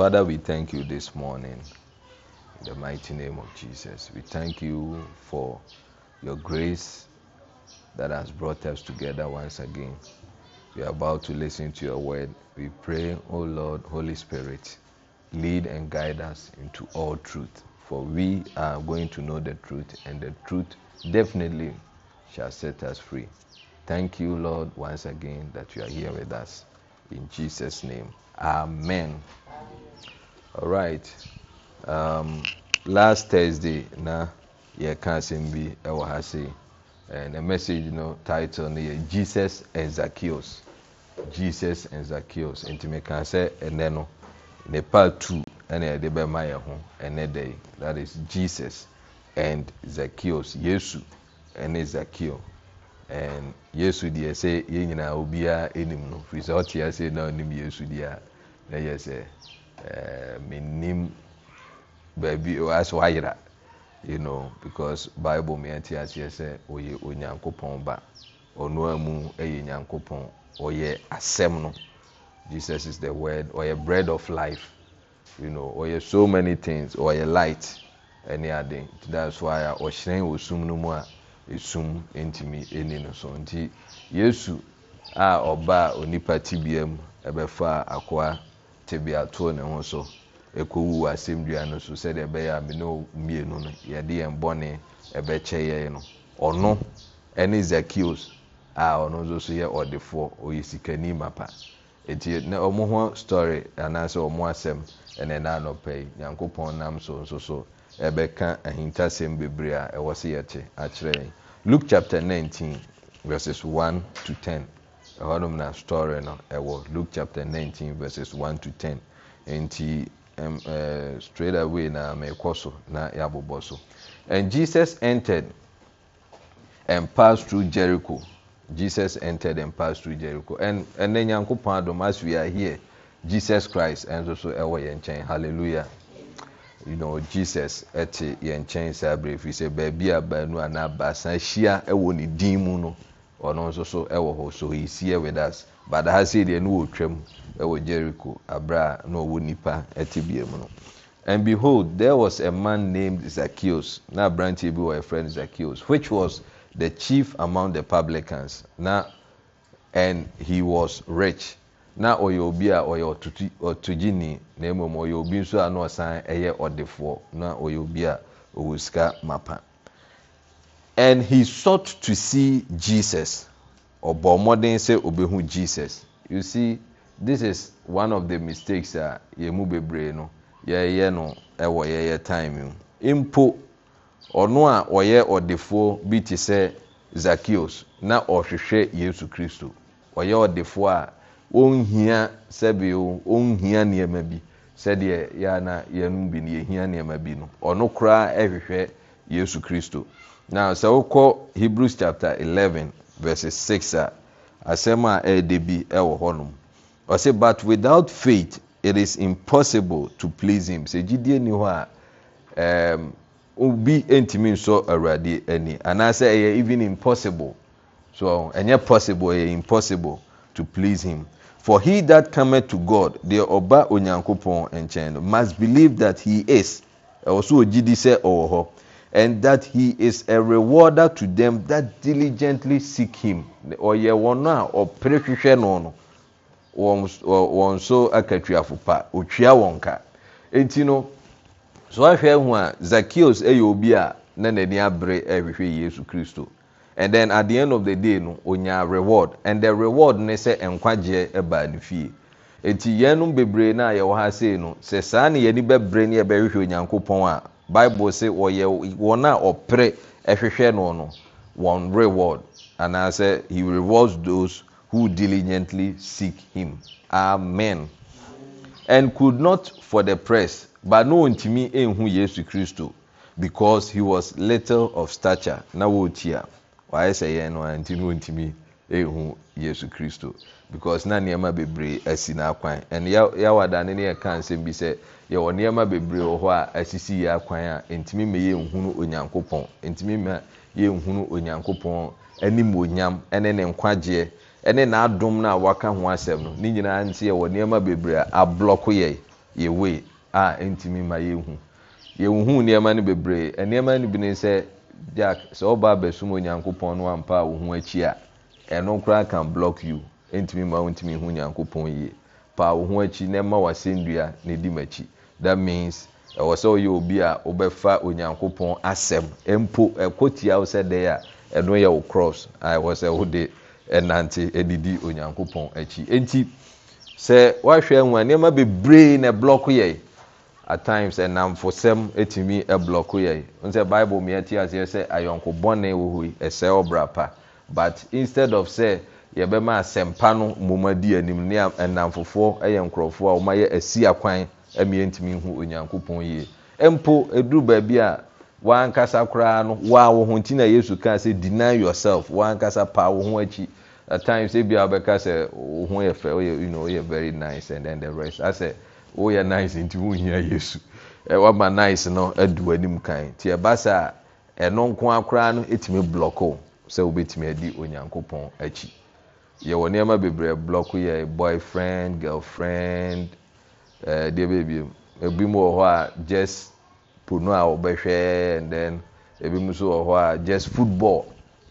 Father, we thank you this morning. In the mighty name of Jesus, we thank you for your grace that has brought us together once again. We are about to listen to your word. We pray, O oh Lord, Holy Spirit, lead and guide us into all truth. For we are going to know the truth, and the truth definitely shall set us free. Thank you, Lord, once again that you are here with us. In Jesus' name, Amen. right um, last thursday na yɛka sɛm bi ɛwɔ ha sei na message no title no yɛ jesus an zakos jesus an zackeos nti mika sɛ ɛnɛ no nepa tu neɛdeɛ bɛma yɛ ho ɛnɛ da is jesus and zakeos yesu ɛne zakeo n yesu deɛ sɛ yɛn nyinaa ɔbiara nim no firi sɛ wotiasei na nim yesu deɛ a nɛ yɛ sɛ Eh, mennim baabi oh, you know, because bible meɛte aseɛ sɛ ɔyɛ eh, onyankopɔn oh, oh, ba ɔno a eh, mu yɛ nyankopɔn ɔyɛ no jesus is the word ɔyɛ bread of life you know ɔyɛ so many things ɔyɛ light ɛne ade that's why a ɔhyerɛn wɔ sum no mu a esum ntumi ɛni no so nti yesu a ah, ɔbaa onipa tibia mu ɛbɛfa akoa tebe atoo ne ho so ɛkɔwu asɛmdua no so sɛdeɛ ɛbɛyɛ a mene mmienu no yɛde yɛn bɔne ɛbɛkyɛ yɛn no ɔno ɛne zakios a ɔno nso so yɛ ɔdefoɔ ɔyɛ sikani mapa ɛti na ɔmo ho story anaasɛ ɔmo asɛm ɛna ɛna anɔpɛ yi nyankopɔn nam so nso so ɛbɛka ahintasɛm bebree a ɛwɔ se yɛte akyerɛ yɛn luke chapter nineteen verses one to ten ɛhɔnom na story no ɛwɔ Luke chapter nineteen verses one to ten nti ɛm ɛɛ eh, straight away na mɛkɔ so na yɛabobɔ so and Jesus entered and passed through Jericho Jesus entered and passed through Jericho and ɛnɛ nyankopɔn adom as we are here Jesus Christ ɛnso so ɛwɔ yɛn nkyɛn hallelujah. You know, Jesus ɛte yɛn nkyɛn saa abere fi sɛ baabi a baanu anaa baasa ahyia ɛwɔ ne din mu no ɔno nso so wɔ hɔ so he see with us but ha sei deɛ no wɔtwam wɔ Jericho abera na ɔwɔ nipa te bia mu no and behold there was a man named Zacchaeus na aberanteɛ bi wɔ yɛfrɛ no Zacchaeus which was the chief among the publicans na and he was rich na ɔyɛ obi a ɔyɛ ɔtogyini na mmom ɔyɛ obi nso a na ɔsan yɛ ɔdefoɔ na ɔyɛ obi a ɔwɔ sika mapa and he sought to see jesus ɔbɔ mmɔden sɛ ɔbɛhu jesus you see this is one of the mistakes a yɛn mu bebree no yɛyɛ no ɛwɔ yɛyɛ time mu mpo ɔno a ɔyɛ ɔdefoɔ bi te sɛ zakios na ɔhwehwɛ yesu kristo ɔyɛ ɔdefoɔ a ɔnhia sɛbio hia nneɛma bi sɛdeɛ yɛa na yɛn bi no hia nneɛma bi no ɔno koraa ɛhwehwɛ yesu kristo na sɛ wokɔ hebrews chapter eleven, verse 6 a asɛm a ɛɛde bi ɛwɔ hɔnom ɔsɛ but without faith it is impossible to please him sɛ gyidie ni hɔ a ɛɛm obi ntumi nsɔ awurade ani anaasɛ ɛyɛ even impossible so ɛnyɛ possible ɛyɛ impossible to please him for he that cometh to god deɛ ɔba onyankopɔn nkyɛn no must believe that he is ɛwɔ so ogyidi sɛ ɔwɔ hɔ and that he is a rewarder to them that diligently seek him ɔyɛ wɔn a ɔpere hwehwɛ no no wɔn so akatuafo fupa, ɔtua wɔn ka eti no so ahwɛ ho a Zacchaeus yɛ obi a na n'ani abere ɛhwehwɛ Yesu Kristo and then at the end of the day no onya reward and the reward ne sɛ nkwagyeɛ ɛbaa ne fie eti yɛn no bebree na yɛwɔ ha sei no sɛ saa ne yɛn ani bɛbrɛ ne yɛbɛhwehwɛ Onyankopɔn a. bible sɛ ɔyɛ wɔn a ɔpere ɛhwehwɛ no no wɔn reward anaasɛ he rewards those who diligently seek him amen and could not for the press but no ntumi ehu yesu kristo because he was little of stature na wɔn ti a wɔayɛ sɛ yɛn no a ntumi ntumi. Ehu yesu kristo because na nnoɔma bebree asi noakwan ɛn yɛawadane no yɛka nsɛm bi sɛ yɛwɔ nnoɔma bebree wɔ hɔ a asisi yɛ akwan a ntumi ma yɛnhunu onyankopɔn ntumi ma yɛnhunu onyankopɔn onyam ɛne ne nkwagyeɛ ɛne n'adom no a waka ho asɛm no ne nyinaa nti yɛwɔ nnoɔma bebree a ablɔko yɛ yɛwei a ntumi ma yɛhu yɛhuhu nnoɔma no bebree nnoɔma no bi ne sɛ jack sɛ woba abɛsom onyankopɔn no ampa a wo akyi a ɛno koraa can block you ntumi ma ntumi hu nyankopɔn yie paa wo ho akyi na ɛma wasɛndua na ɛdi m'akyi that means ɛwɔ sɛ ɔyɛ obi a wobɛfa onyankopɔn asɛm mpo ɛkɔ tia wo sɛ deɛ a ɛno yɛ wo cross a ɛwɔ sɛ wode ɛnante ɛdidi onyankopɔn akyi nti sɛ wahwɛ ho a nneɛma bebree na block yɛ at times ɛnamfosɛm ɛtumi ɛblock yɛ n sɛ bible mmeɛ te aseɛ sɛ ayɔnkobɔne wɔ hɔ yi ɛsɛ ɔbra pa but instead of sɛ yɛbɛma asɛmpa no mmomadi anim ne ɛnamfofoɔ yɛ nkurɔfoɔ a wɔmayɛ asi akwan miɛntumi hu onyankopɔn yie mpo ɛduru baabi a woankasa koraa no woa wo ho nti na yesu kaa sɛ deny yourself woankasa paa wo ho akyi attimes ebia wobɛka sɛ wo ho yɛ fɛ woyɛ you know woyɛ very nice and then the rest asɛ woyɛ nice nti wohia yesu wama nice no adu anim kan nti ɛba saa ɛno nko a koraa no ɛtumi blɔko sɛ wobɛtumi adi onyankopɔn akyi yɛwɔ nneɛma bebree blɔko yɛ boyfriend girlfriend ɛɛ eh, deɛ beebi ebi mu wɔ hɔ a just pono a wɔbɛhwɛ and then ebi mu nso wɔ hɔ a just football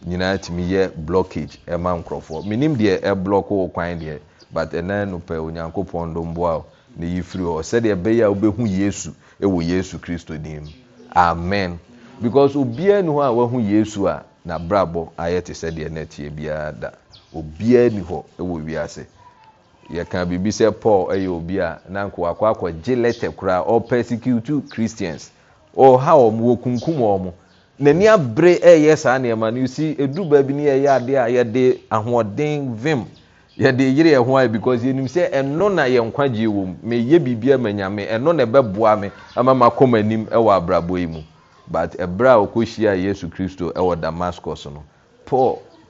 nyinaa tumi yɛ blockage ɛma nkorɔfoɔ minim deɛ ɛblɔko wɔ kwan deɛ but ɛnan no pɛ onyankopɔn do mboa o ne yi firi hɔ sɛdeɛ bɛyɛ a wobɛhu yesu ɛwɔ yesu kristo dim amen because obiara ni hɔ a wahu yesu a. nabrabɔ ayɛ te na nɛteɛ biara da obiaa ni hɔ wɔ wiase yɛka biribi sɛ paul yɛ obi a nankowakɔakɔgye lɛte koraa ɔpersecutu christians ɔha ɔ m wɔkunkum ɔ n'ani abere yɛ saa nnoɔma no si ɛduru baabi no yɛyɛ adeɛ a yɛde ahoɔden vim yɛde yere yɛ ayɛ because yɛnim sɛ na yɛnkwa nkwagye wɔ na meyɛ biribia manyame ɛno ne ɛbɛboa me ama abrabɔ yi mu but ɛberɛ a ɔkɔhyia yesu kristo ɛwɔ damascus no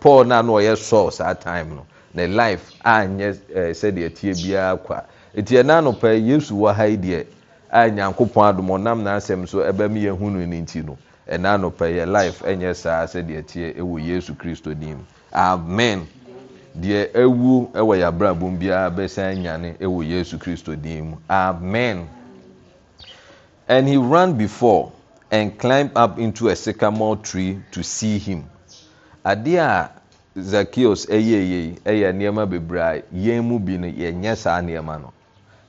paul na na ɔyɛ saul saa time no ne life anyɛ sɛdeɛ tiɛ biara kɔa ɛti ɛna nopɛ yesu wɔ hayi deɛ a nyankopɔn adom ɔnam naasɛm so ɛbɛm yɛhu no no nti no ɛna nopɛ yɛ life ɛnyɛ saa sɛdeɛ tiɛ ɛwɔ yesu kristo nim amen deɛ ɛwu ɛwɔ yɛabrabom biara bɛsan nyane ɛwɔ yesu kristo dim mu amen and he ran before and climbed up into a sycamore tree to see him. Adeɛ a Zacchaeus ɛyɛ yie ɛyɛ nneɛma bebree a yɛn mu bi no yɛnyɛ saa nneɛma no.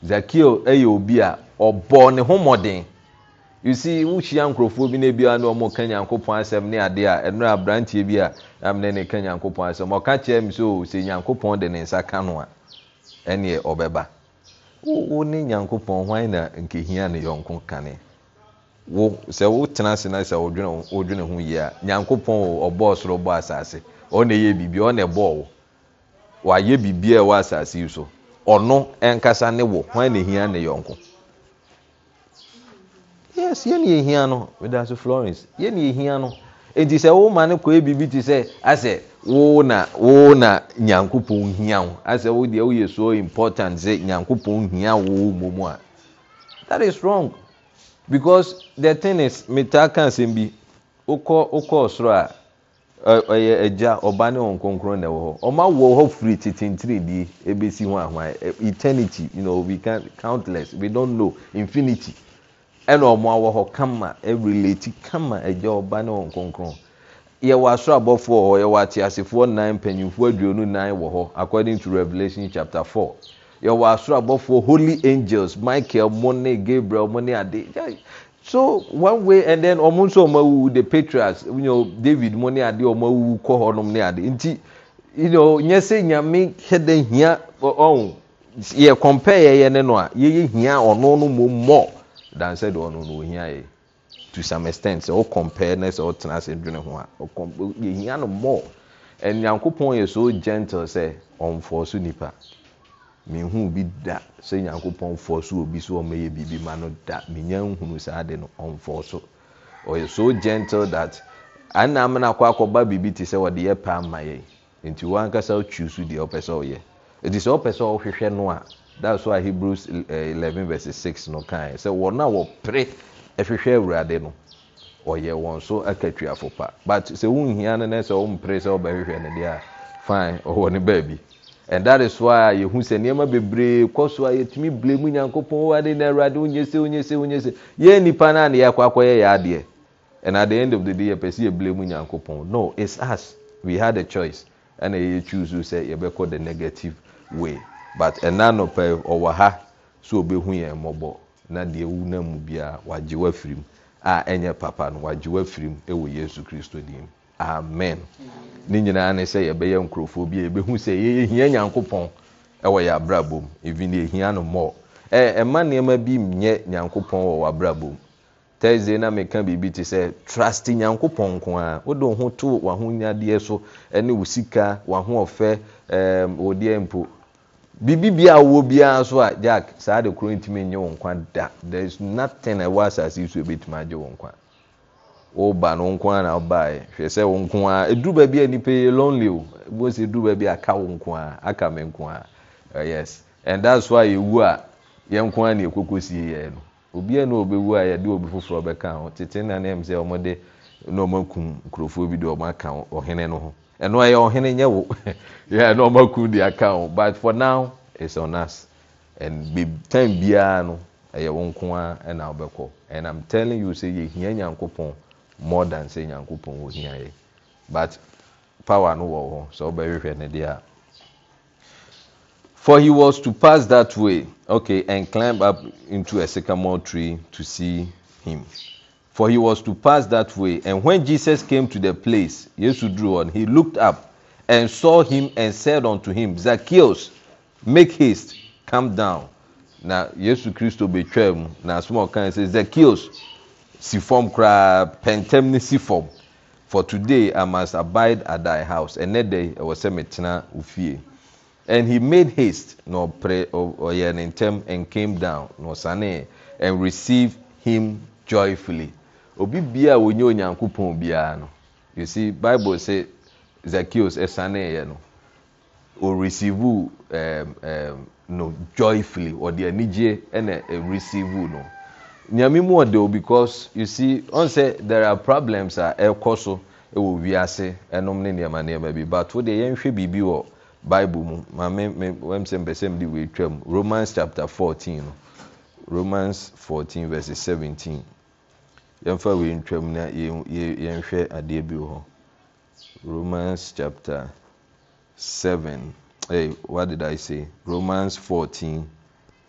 Zacchaeus ɛyɛ obi a ɔbɔ ne ho mmɔden. You see, wohyia nkurɔfoɔ bi na ebi a na wɔn ka nyankopɔn asɛm ne adeɛ a ɛnura aberanteɛ bi a amene ne ka nyankopɔn asɛm ɔka kyerɛ mi so oh, sɛ nyankopɔn de ne nsa ka no a ɛnneɛ ɔbɛba. Wo ne nyankopɔn hwan na nkehia ne yɔnko kane. sɛ wotena sena sɛ wodwene ho yie a nyankopɔn ɔbɔɔ soro bɔɔ asase ɔne ɛyɛ biribia ɔne ɛbɔɔwo wayɛ biribiaa ɛwɔ asase yi so ɔno ɛnkasa ne wo hwan ne hia ne yɔnko yes yɛne yɛhia no medaso florence yɛne yɛhia no sɛ kɔɛ sɛ asɛ wo na nyankopɔn hia wo asɛ wodeɛ woyɛ so important sɛ hia wo a that is wrong because the thing is metaa ka asɛm bi wokɔɔ soro a ɔyɛ agya ɔba ne wɔn kronkron na ɛwɔ hɔ ɔma wɔ hɔ firi tetentiredi ebesi ho eternity you know we can countless we don't know infinity ɛna ɔmo awɔ hɔ kama ɛrelate kama agya ɔba ne wɔn kronkron yɛwɔ asoro abɔfoɔ hɔ yɛwɔ ateasefoɔ nan mpanyinfoɔ aduonu nan wɔ hɔ according to Revelation chapter four. yɛwɔ asoro abɔfoɔ holy angels michael mo gabriel mo ne ade so one way and then ɔmo nso ɔmo awuwu the patriarchs you know david mo ne ade ɔmo awuwu kɔ hɔnom ne ade nti you know nyɛ sɛ nyame hɛdɛ hia ɔn yɛ compare yɛyɛ ne no a yɛyɛ hia ɔno no mo mɔ than sɛ deɛ ɔno no ohia yɛ to some extent sɛ compare, ne sɛ ɔtena ase dwene ho a ɔcom yɛhia no mɔ and nyankopɔn yɛ so gentle sɛ ɔnfɔ so nipa. menhu bi da sɛ nyankopɔn fɔ so obi so ɔmɛyɛ biribi ma no da menya nhunu saa de no ɔmfɔ so ɔyɛ so gentle that anam no akɔ akɔba biribi te sɛ wɔde yɛ paa ma yɛ nti wɔn ankasa otwi so deɛ ɔpɛ sɛ ɔyɛ eti sɛ ɔpɛ sɛ ɔhwehwɛ no a that's why Hebrews eh, eleven verse six no kan sɛ wɔn a wɔpere ɛhwehwɛ awurade no ɔyɛ wɔn so akatwi afopa but sɛ wɔn nhia no na sɛ wɔn mpere sɛ ɔbɛhwehwɛ no deɛ a fine ɔwɔ ne baabi. thasyɛu s nnoɔma bebreekɛbyakɔoɛɛdɛpɛsɛɛ blamu yankopɔi a chice naɛɛtssɛ yɛbɛkɔ the negative wy ɛnanɔwɔ ha sɛɔbɛhu yɛn mmɔbɔ nadeɛwnamu biaa gyew'afiri m ɛyɛ papa nogyew'afiri m wɔ yesu kristodimu amen ne nyinaa ne sɛ yɛbɛyɛ nkurɔfoɔ bi a yɛbɛhu sɛ yɛhia nyankopɔn wɔ yɛ abrabɔ mu even yɛhia no mmɔ ɛma nneɛma bi nyɛ nyankopɔn wɔ w'abrabɔ mu thursday na meka biribi te sɛ trust nyankopɔn nko a wode wo ho to w'ahonyadeɛ so ne wo sika w'ahoɔfɛ wo deɛ mpo biribi bia wowɔ biara so a jack saa de koro ntumi nye wo nkwa da there is nothing a ɛwɔ asase yi so ebɛtumi agye wo nkwa woba no nko a na wobaeɛ hwɛ sɛ wo nko a ɛduru baabi a nnipa yi lonely o bɛhu sɛ ɛduru baabi aka wo nko a aka me nko a uh, yes and that's why yɛwu a yɛn nko a na yɛkɔkɔ sie yɛ no obiara na ɔbɛwu a yɛde obi foforɔ bɛka ho tete na ne mu sɛ wɔde na wɔn akum nkurɔfoɔ bi de wɔn aka ɔhene no ho ɛno ɛyɛ ɔhene nyɛ wo yɛ na wɔn akum de aka ho but for now it's on us and be time biara no ɛyɛ wɔn nko a ɛna ɔbɛkɔ and i'm telling you say yɛhia nyankopɔn. mo than sɛyankpn i bt power nwsehd for he was to pass that way and clim up into asicamal tree to see him for he was to pass that way and hen jesus came to the place ysu dren heloked up andsaw him and said unto him zaks make haste come down na yesu christo bemu nasmkaszs si fam koraa pɛntɛm no si fam for today i must abide at thy house ɛnɛ dɛ ɛwɔ sɛ metena wo fie and he made haste na ɔpere ɔyɛ ne ntɛm and came down na ɔsane and received him joyfully obi bia a wonye pon biara no you see bible say zacchaeus ɛsane yɛ no receive um, um, no joyfully ɔde anigye ɛna ɛreceive no. nneame mu ɔ de o because s ɔh sɛ there ar problems a ɛkɔ so wɔ wiase ɛnom ne nnoɛma nnoɔma bi bat wo deɛ yɛnhwɛ biribi wɔ bible mu maspɛsɛmde eamu romans chapte14 noro17ɛmfamu noɛhɛde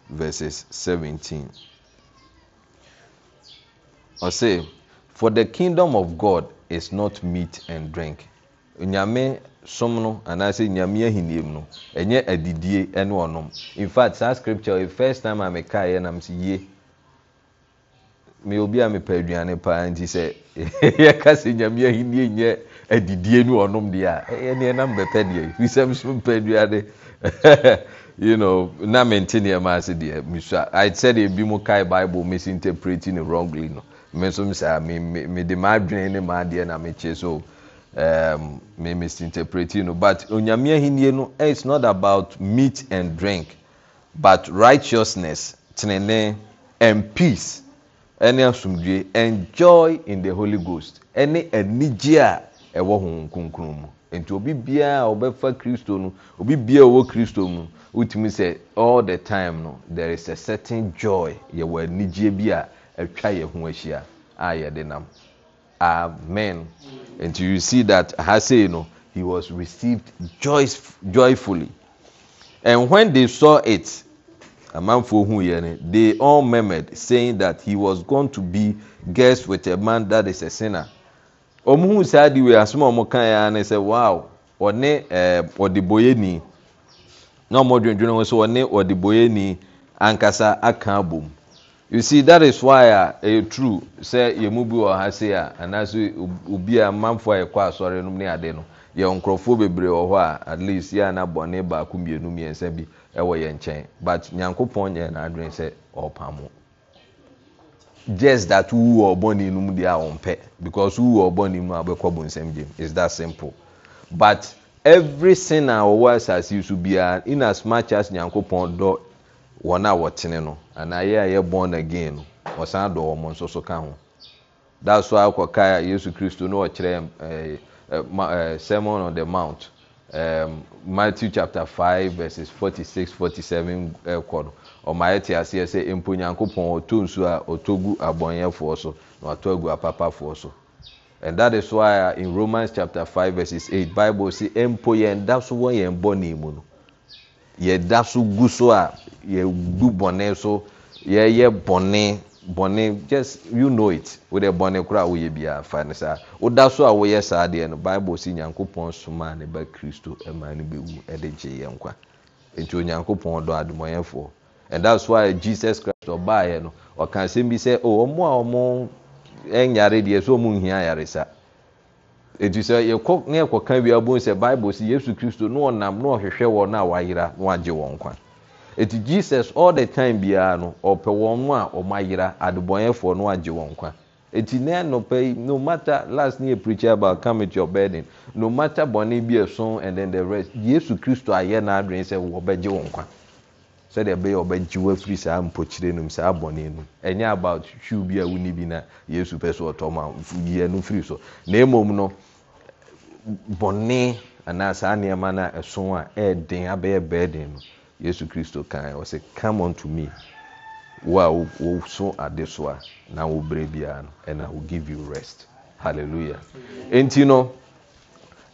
bi h717 ɔse for the kingdom of god is not meat and drink nyame som no anaasɛ nyame ahinie mu no ɛnyɛ adidie ne ɔnom infact saa scripture the first time a mekaeɛ nam sɛ yie me obi a mepɛ aduane paa nti sɛ yɛka sɛ nyame ahinie nyɛ adidie ne ɔnom deɛ a ɛyɛ neɛ nam bɛpɛ deɛ fisɛm so mpɛ aduane you know na mente nneɛma ase deɛ mesua i said bi mu kae bible misinterpreting wrongly no me nso saa me me me de m'adwene ne m'adeɛ na mekyɛ so um, me misinterpret no but onyame ahinie no eh, it's not about meat and drink but righteousness tenene and peace ɛne asomdwe and joy in the holy ghost ɛne anigye a ɛwɔ honhom kronkron mu nti obi biara a ɔbɛfa kristo no obi biara a ɔwɔ kristo mu wotumi sɛ all the time no there is a certain joy yɛwɔ anigye bi a atwa yɛ ho ahyia a yɛde nam amen and you see that hasei no he was received joyfully and when they saw it amanfoɔ hu yɛ no they all murmured saying that he was going to be guest with a man that is a sinner wɔn hu saa de wei asom a wɔn kan ya ne sɛ wow ɔne ɛɛ eh, ɔdeboyeni na wɔn adwendwene ho sɛ ɔne ɔdeboyeni ankasa aka abom you see that is why uh, a ɛyɛ true sɛ yɛn mu bi wɔ ha se uh, uh, a anaasɛ obi a manfo a yɛkɔ asɔre no ne ade no yɛ nkurɔfoɔ bebree wɔ hɔ a at least yɛ ana bɔne baako mmienu mmiɛnsa bi ɛwɔ yɛn nkyɛn but nyankopɔn yɛ n'adwene sɛ ɔpamo just that wuwu wɔ bɔne no mu deɛ a ɔmpɛ because wuwu wɔ bɔne mu a bɛkɔ bonsam gyem it's that simple but every sin a wɔwɔ asase so biara in as much as nyankopɔn dɔ wɔn a wɔtene no anaa yɛ a yɛ born again no wɔsan dɔ wɔn nso so ka ho that's why akɔ kaa yesu kristo no ɔkyerɛ ɛɛ ɛɛ sermon on the mount um, matthew chapter five verses forty six forty seven ɛkɔ eh, no ɔmo ayɛ te aseɛ sɛ mponyankopɔn ɔtɔ nsu a ɔtɔ gu abɔnyɛfoɔ so na ɔtɔ agu apapafoɔ so and that is why in romans chapter five verses eight bible say mpo yɛn da so wɔ yɛn bɔ ne mu no. yɛda so gu so a yɛgu bɔne so yɛyɛ bɔne bɔne just you know it wodɛ bɔne koraa woyɛ biaa fa no o woda so a woyɛ saa deɛ no bible si nyankopɔn somaa ne ba kristo ma no bɛwu de gye yɛ nkwa nti onyankopɔn dɔ adomɔyɛfoɔ and that's why jesus christ ɔbaeɛ no ɔka asɛm bi sɛ oh, ɔmo a ɔmo nyare deɛ sɛ ɔmo nhia ɛti sɛ yɛkɔ ne yɛkɔka wiabom sɛ bible sɛ yesu kristo ne ɔnam na ɔhwehwɛ wɔn na wayera na wagye wɔn kwa ɛti jesus all the time biara no ɔpɛ wɔn no a ɔmo ayera adebɔnyɛfoɔ no agye wɔn kwa ɛti ne anɔpɛ yi no matter last ne yɛ preach about come to your burden no matter bɔnne bi ɛso and then the rest yesu kristo ayɛ n'adwene sɛ wɔbɛgye wɔn kwa sɛdeɛ ɛbɛyɛ ɔbɛgye wafiri saa mpɔkyire nom saa bɔne nom ɛnyɛ about hwiw bi a woni bi na yesu pɛ so ɔtɔ ma yie no firi so na mmom no bɔne anaa saa nneɛma no a ɛso a ɛɛden abɛyɛ bɛɛden no yesu kristo kan ɔsɛ come unto me wo a woso ade so a na wobrɛ biara no and I will give you rest hallelujah enti no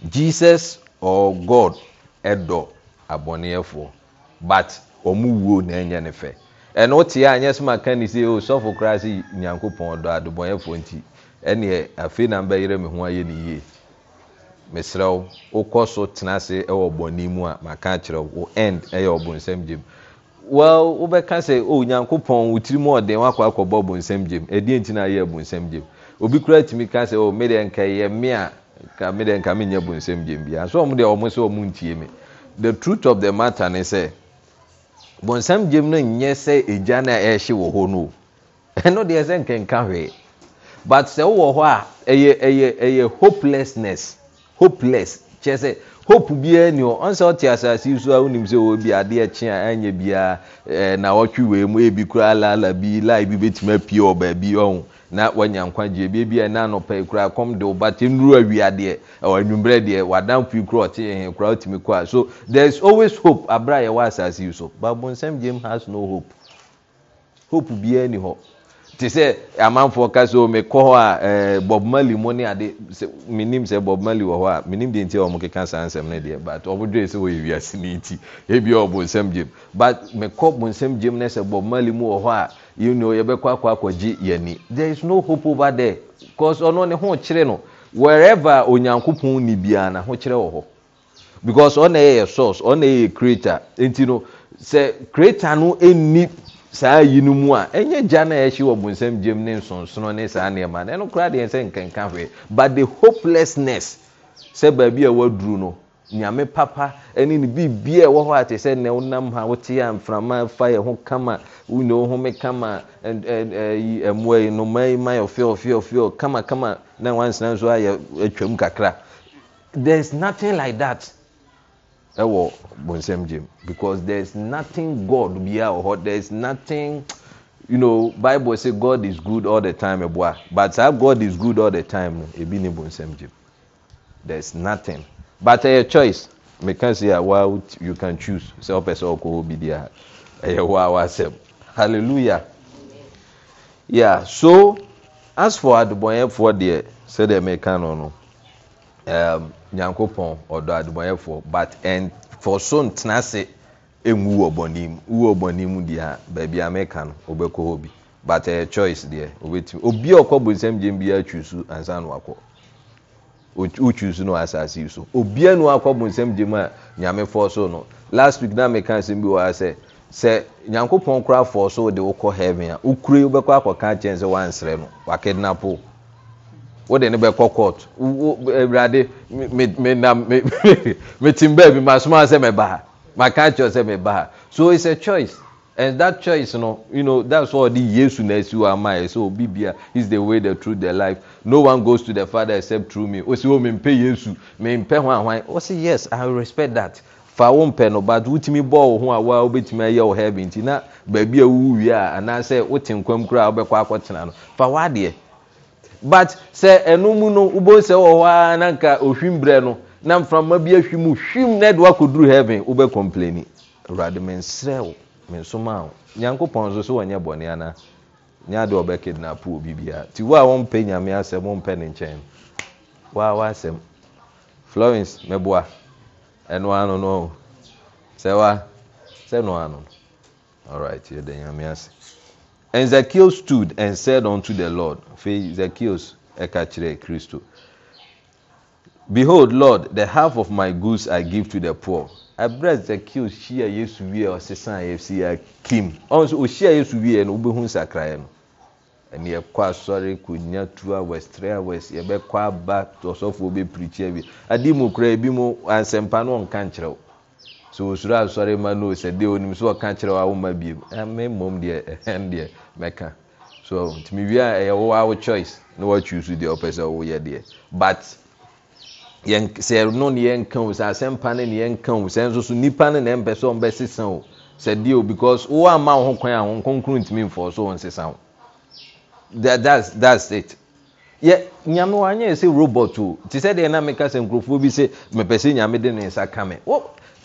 Jesus or God ɛdɔ abɔneɛfoɔ but ɔmo wuo na ɛnyɛ ne fɛ ɛna a soma ne o sɔfo koraa sɛ nyankopɔn ɔdɔ nti na mbɛyerɛ me ho ayɛ ne yie so tena ase ɛwɔ e mu a maka akyerɛ end ɛyɛ e gyem well wobɛka sɛ o oh, nyankopɔn wo tiri mu ɔden wakɔ akɔbɔ bonsɛm gyem ɛdeɛ e nti na ayɛ bonsɛm gyem obi kura tumi ka sɛ o oh, medeɛ nka yɛ ka nka gyem bɔnsam dgyemu no nyɛ sɛ agyane a ɛhye wɔ hɔ no o ɛno deɛ sɛ nkɛnka hwee but sɛ wowɔ hɔ a ɛyɛ hoplessness hopless kyerɛ sɛ hope biaa nni hɔ ɔn sɛ wote asase yi so a wonim sɛ wɔbi adeɛ kye a ɛnyɛ biaa nawɔtwe wei mu bi koraa alaala bi lai bi bɛtumi apie ɔ baabi ɔho na wanya nkwagye beebi a ɛna anɔpa yi kɔm de ɔba te nuru awia deɛ ɛwɔ anwummerɛ deɛ wadanfo yi koraa ɔte yɛn koraa ɔtumi kɔ a so there is always hope abira yɛ wɔ asase yi so but bonsam james has no hope hope biara ni hɔ te sɛ amanfoɔ ka sɛ oh, mekɔ hɔ a eh, bob marley mu ne ade Minim sɛ bob marley wɔ hɔ a de deɛ nti a wɔn keka saa nsɛm no deɛ but wɔn dwe sɛ wɔyɛ wiase ne ti ebi a ɔbɔ nsɛm gyem but mekɔ bɔ nsɛm gyem ne sɛ bob marley mu wɔ hɔ a you know yɛbɛkɔ akɔ akɔgye yɛni there is no hope over there cause ɔno ne ho kyerɛ no wherever onyankopɔn ni biara na ho kyerɛ wɔ hɔ because ɔna yɛ yɛ source ɔna yɛ yɛ creator nti no sɛ creator no ɛni saa yi no mu a ɛnyɛ gya no a wɔ bonsam gyam ne nsonsono ne saa nneɛma no ɛno koraa deɛ sɛ nkenka hwee but the hopelessness sɛ baabi a waduru no nyame papa ɛne ne biribia ɛwɔ hɔ ate sɛ nɛ wonam ha wote a mframa fa yɛ ho kama wone wo home kama mmoa eh, yi nnoma yi ma yɛ ɔfeɔfeɔfeɔ kamakama na wansena nso ayɛ atwam kakra there is nothing like that ɛwɔ bonsam gyem because there is nothing god biara wɔ hɔ there is nothing you know bible say god is good all the time ɛboa but saa god is good all the time no ebi ni bonsam gyem there is nothing but ɛyɛ choice mekan say a wa you can choose sɛ ɔpɛ sɛ ɔkɔ obi di a ɛyɛ wa wa hallelujah yeah so as for adubɔnyɛfoɔ deɛ sɛdeɛ mekan no no. Um, nyankopɔn ɔdɔ adebɔyɛfoɔ but fɔ so ntena ase ngu wɔ bɔnem wu wɔ bɔnem deɛ a baabi a no wobɛkɔ hɔ bi but ɛyɛ choice deɛ wobɛtumi obi a ɔkɔ bonsam gyem biara twusu ansa no wakɔ wotwusu no asase yi so obia no akɔ bonsam gyem a nyame so no last week na meka asɛm bi wɔ ha sɛ sɛ nyankopɔn koraa fɔ so de wokɔ heaven a wokure wobɛkɔ akɔka kyɛn sɛ wansrɛ no wakidnapo wode ne bɛkɔ court awurade metim baa bi masoma sɛ mɛba ha maka kyerɛ sɛ mɛba ha so it's a choice and that choice no you know that's why ɔde yesu na asi wa ama yɛ sɛ obi bia is the way the truth the life no one goes to the father except through me o si o mempɛ yesu mempɛ ho ahwan o si yes i respect that fa wo mpɛ no but wotumi bɔ wo ho a woa wobɛtumi ayɛ wo hɛbi nti na baabi a wowu wie a anaasɛ wote nkwam koraa a wobɛkɔ akɔtena no fa w'adeɛ but sɛ ɛno no wobɛhu sɛ wɔ hɔ ara na nka ohwim berɛ no na mframa bi ahwi mu hwim na ɛde wakɔduru heaven wobɛ complaini awurade mensrɛ wo mensomaa wo nyankopɔn nso so wɔnyɛ bɔne ana nyɛ ade ɔbɛ kidnap wɔ biribiara nti wo a wɔmpɛ nyame asɛm wompɛ ne nkyɛn woa woasɛm florence mɛboa ɛno ano no sɛ wa sɛ no ano right, alright yɛda nyame ase And Zacchaeus stood and said unto the Lord, Zacchaeus ɛka kyerɛ Behold, Lord, the half of my goods I give to the poor. Abira Zacchaeus hyia Yesu wie a ɔsesan a yɛsi akim. Ɔn so ohyia Yesu wie no, wobɛhu nsakraeɛ no. Ɛni ɛkɔ asɔre konya two hours three hours yɛbɛkɔ aba ɔsɔfo obɛ pirikyi bi. Adi mu kura ebi mu asɛmpa no ɔnka nkyerɛw sɛ wɔsuro asɔre ma no sɛdeɛ onim sɛ ɔka kyerɛ w awoma biem me mmom deɛ ɛhɛn eh, deɛ mɛka so ntumi wie a ɛyɛ eh, wo awo choice na woatwi so deɛ ɔpɛ sɛ woyɛ deɛ but sɛ no ne yɛnka o sɛ asɛmpa ne ne yɛnka o sɛ nso so nnipa ne na ɛmpɛ sɛ ɔmbɛsesa o sɛdeɛ o because wo amma wo ho kwan a wo nkonkro ntumi mfɔɔ so wo nsesa wo that that's that's it yɛ nyame wanyɛ sɛ robot o te sɛ deɛ na meka sɛ nkurɔfoɔ bi sɛ mepɛ sɛ nyame de ne nsa ka me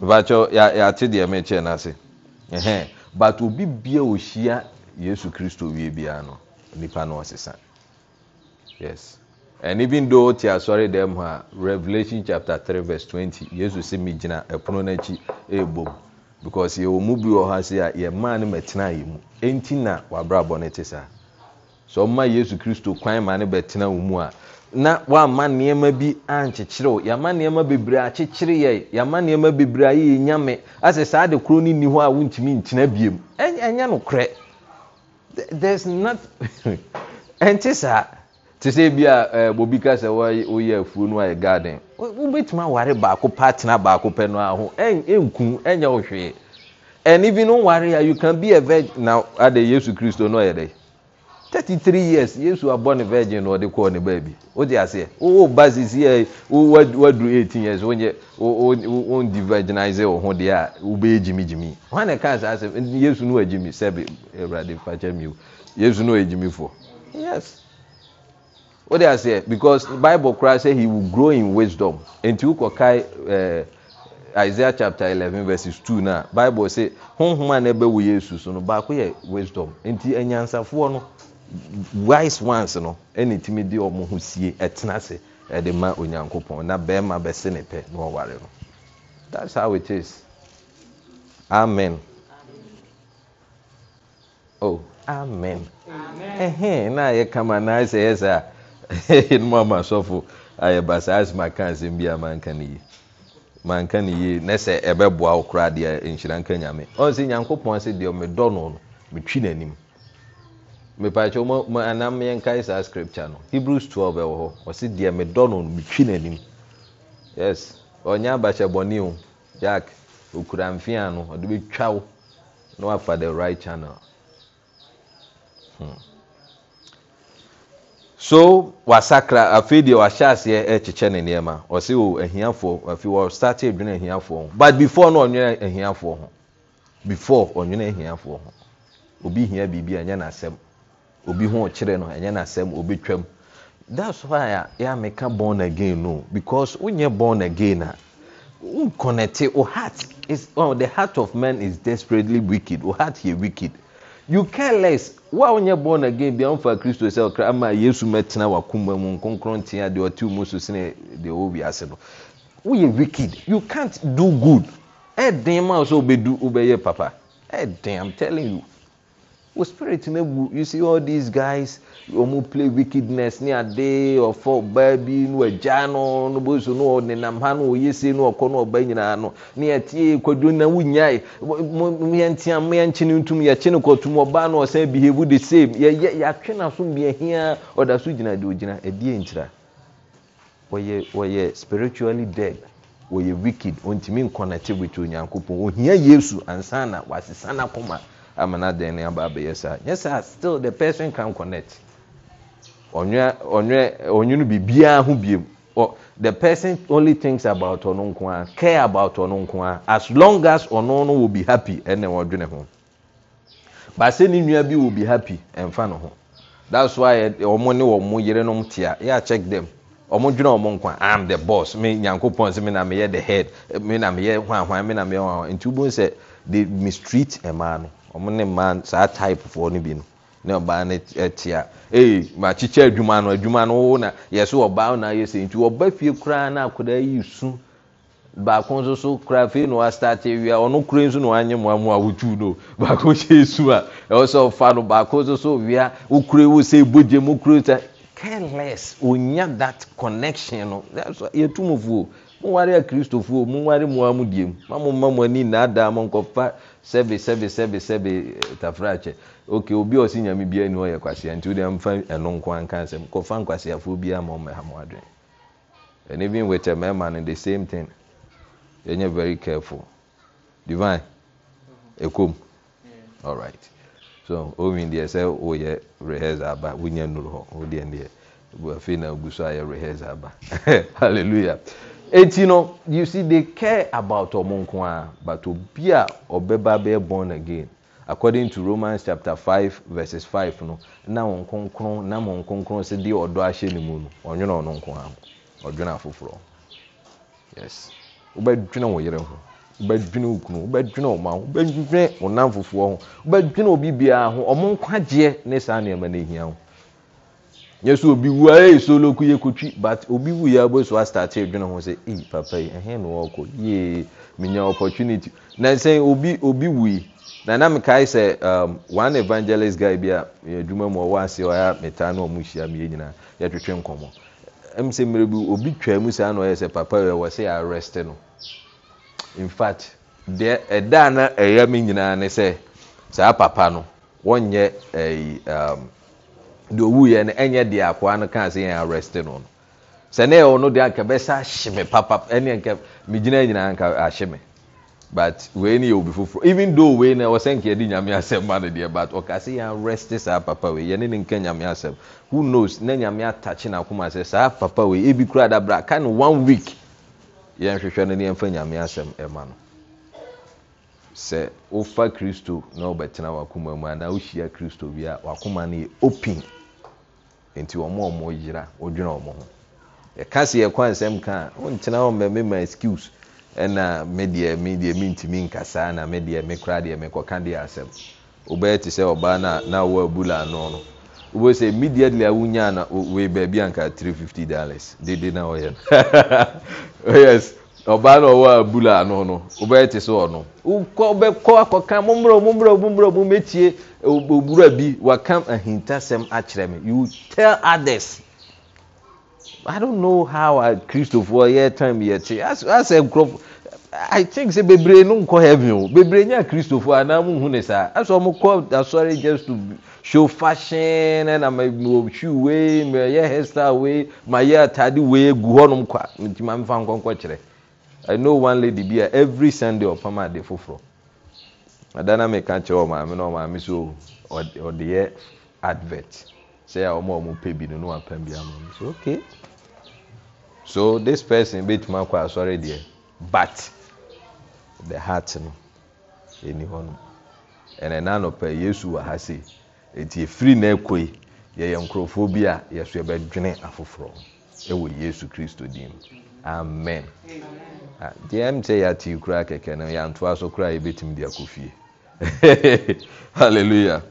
mpakyɛ yɛate deɛ mekyɛ no ase but obi bia ohyia yesu kristo wie bia no nipa no ɔsesa yes and even though te asɔre dɛm hɔ a revelation chapter three verse twenty yesu sɛ mi gyina ɛpono n'akyi ɛɛbom e because yɛwɔ mu bi wɔ ha se a yɛ mmaa no mɛtena yɛ mu enti na wabrabɔ no te saa so ɔmma yesu kristo kwan ma no bɛtena wɔn mu a. na wama nneɛma bi ankyekyere o yɛama nneɛma bebree akyekyere yɛ yɛama nneɛma bebree ayɛ nyame asɛ saa de koro no ni hɔ a wontumi ntena biem ɛnyɛ no korɛ there's not ɛnte saa te sɛ bi a bobi ka sɛ woyɛ afuo no ayɛ garden wobɛtumi aware baako pa atena baako pɛ no aho ɛnku ɛnyɛ wo hwee ɛne bi no ware a you can be a veg. na ade yesu kristo no ɔyɛ dɛ Thirty-three years yesu abɔ ne virgin na ɔde kɔɔ ne baabi wode aseɛ wowɔ ba sisi yɛ woaduru eighteen years wonyɛ wondi virginise wo ho deɛ a wobɛyɛ gyimigyimi hwan na ɛka saa sɛ yesu no wagyimi sɛbe awurade fakyɛ mi o yesu no ɔyɛ yes wode aseɛ because bible koraa sɛ he will grow in wisdom enti wokɔkae ɛɛ. Eh, Isaiah chapter eleven verses two na Bible say honhom a na ɛbɛwɔ Yesu so no baako yɛ wisdom nti anyansafoɔ no wise ones no ɛne tumi di ɔmo ho sie ɛtena ase ɛde ma onyankopɔn na bɛrima bɛsi ne pɛ na ɔware no that's how it is amen oh amen ɛhɛn na yɛ kama na ayɛ sɛ a ɛyɛ no mu ama sɔfo ayɛ basa ayɛ sɛ ma ka asɛm bi a ma nka ne yie ma nka ne yie na sɛ ɛbɛboa okora deɛ nhyira nka nyame ɔn sɛ nyankopɔn sɛ deɛ ɔmo dɔ no no metwi n'anim. mepakyɛ m anam yɛnkae saa scripture no hebrews 12 ɛwɔ hɔ ɔsi deɛ medɔ no metwi n'anim yes ɔnyɛ abahyɛ bɔne o jack okura mfea no ɔde bɛtwa wo na wafa the right channel hmm. so wasakra afei deɛ wahyɛ aseɛ ɛkyekyɛ ne nneɛma ɔsi o ahiafoɔ afei wɔstart adwene ahiafoɔ ho but before no ɔnwene ahiafoɔ ho before ɔnwene ahiafoɔ ho obi hia biribi a nyɛ n'asɛm. obi ho ɔkyerɛ no ɛnyɛ n'asɛm obi twam that's why a yɛameka born again no because wonyɛ born again a nkɔnɛte o heart is oh, the heart of man is desperately wicked o heart yɛ wicked you care less wo a wonyɛ born again bi a wɔn kristo sɛ ɔkra ama yesu mɛtena wakoma mu nkonkron tia deɛ ɔte mu so sene deɛ ɔwɔ wiase no woyɛ wicked you can't do good ɛɛdɛn mu a sɛ ɔbɛdu ɔbɛyɛ papa ɛɛdɛn i'm telling you. wo spirit no gu you see all these guys wɔn play wickedness ní adé ɔfɔ ɔbaa bi ní ɔgya no no bó so no ɔnenam ha no ɔyɛ se no ɔkɔ no ɔbaa nyinaa no ní ɛtie kwadwo na wunyae mo yɛn tia mo yɛn kyi ne ntum yɛkyi ne kɔtum ɔbaa no ɔsan behave the same yɛyɛ yɛatwe na so mmea hia Oda so gyina de ogyina ɛdeɛ nkyira wɔyɛ wɔyɛ spiritually dead wɔyɛ wicked ontumi nkɔnɛte with onyankopɔn ohia yesu ansana wasesa na ama no adan no aba abɛyɛ saa nyɛ saa still the person can connect ɔnwene biribiara ho biem the person only thinks about ɔno nko a care about ɔno nko a as long as ɔno no will be happy ɛna ɔdwene ho baasa ne nua bi will be happy ɛnfa no ho that's why wɔn ne wɔn yerenom tia yɛ a check them wɔn dwene wɔn nko a i'm the boss me nyankopɔn sɛ me na meyɛ the head me na meyɛ hwan hwan me na meyɛ hwan hwan nti wɔn sɛ they mistreat mmaa no ɔmo ne mmaa saa type foɔ no bi no ne ɔbaa no ɛte eh, a ee ma kyekyɛ adwuma no adwuma no wo na yɛsɛ ɔbaa na ayɛ sɛ nti ɔba fie koraa na akwadaa yi su baako nso so koraa fei na wastate wia ɔno kura nso na wanyɛ mu amu awutu no baako hyɛ su a ɛwɔ sɛ ɔfa no baako nso so wia okura wo sɛ ebogye mu kura sɛ careless onya that connection no yɛtu mu fuo mu wari akristofoɔ mu wari mu amu die mu mamu mamu ani na ada mu nkɔfa sɛbe sɛbe sɛbe sɛbe eh, tafrakyɛ ok obi ɔsi nyame bia ni ɔyɛ kwasia nti wode mfa ɛno nko anka nsɛm kɔfa nkwasiafoɔ biara ma ɔmmɛha mo adwene and even with a mɛma no the same thing yɛnyɛ very careful divine Ekom. Mm-hmm. all right so owin deɛ sɛ woyɛ rehearsal aba wonya nuru hɔ wodeɛ deɛ afei na ogu so ayɛ rehearsal aba hallelujah Eti no you see they care about ọmụ nko a but obi a born again according to romans chapter five verses five na nkonkron na wɔn nkonkron sɛ de ɔdɔ ahyɛ ne mu no ɔnwene nkụ nko a ɔdwene yes wobɛdwene wo yere ho ọnam ho obi ho ne saa nyɛ sɛ obi wu ayɛ eh, so loku yɛ kotwi but obi wu yɛ abɔ so astate adwene ho sɛ ee papa yi ɛhɛn na wɔkɔ yee minya opportunity na sɛ obi obi wu yi na nam kae sɛ um, one evangelist guy bi a yɛ adwuma mu ɔwɔ ase ɔyɛ metaa na ɔmo hyia mu yɛ nyinaa yɛtwetwe nkɔmɔ ɛm sɛ mmerɛ bi obi twɛ mu saa na ɔyɛ sɛ papa yɛ wɔ sɛ yɛ arrest no in fact deɛ ɛda na ɛyɛ mi nyinaa ne sɛ saa papa no wɔnyɛ ɛyi eh, ɛɛm. Um, no nyɛ de akoa no ka sɛ yɛ arɛst nono snno eɛsɛyas ɛ assankke nti wɔn a wɔyera wɔdwena wɔn ho yɛka sɛ yɛ kwan nsɛm ka a wɔntena hɔ mbɛ excuse ɛna me deɛ me deɛ me ntumi nkasa na me deɛ me kora deɛ me kɔka deɛ asɛm ɔbɛyɛ te sɛ ɔbaa na na wɔ abula ano no wobɛ sɛ immediately a wonya na wei baabi anka three fifty dollars dede na ɔyɛ no oh yes. ɔbaa no ɔwɔ abula ano no ọbaa wobɛyɛ te sɛ ɔno wobɛkɔ akɔka mommerɛ mommerɛ mommerɛ momɛtie owura bi waka ahintasɛm akyerɛ me you tell others i don't know how kristofoɔ yɛ time yɛte asɛ nkurɔfo i think sɛ bebree no nkɔ heaven o bebree nyɛ kristofoɔ anaa muhu ne saa asɛ ɔmo kɔ asɔre just to show fashion ɛna ma wɔ shoe wei ma yɛ hairstyle wee ma yɛ ataade wee gu hɔnom kwa nti ma nfa nkɔnkɔ kyerɛ. i know one lady bi a every sunday ɔpam ade foforɔ ada na meka kyerɛ ɔmaame na ɔmaame so ɔde yɛ advert sɛ a ah, ɔmo a ɔmo pɛ bi no no apam bi ama mi so okay so this person betuma kɔ asɔre deɛ but the heart no ɛni hɔ no ɛnna ɛna anɔpɛ yesu wɔ ha se eti efiri na ɛkɔ yi yɛyɛ nkurɔfoɔ bi a yɛso yɛbɛdwene afoforɔ ɛwɔ yesu kristo dim amen. amen. deɛ mkyɛ yɛ ati kura kɛkɛ no yɛantoa so kura yɛbɛtumi de akɔ fie hallelujah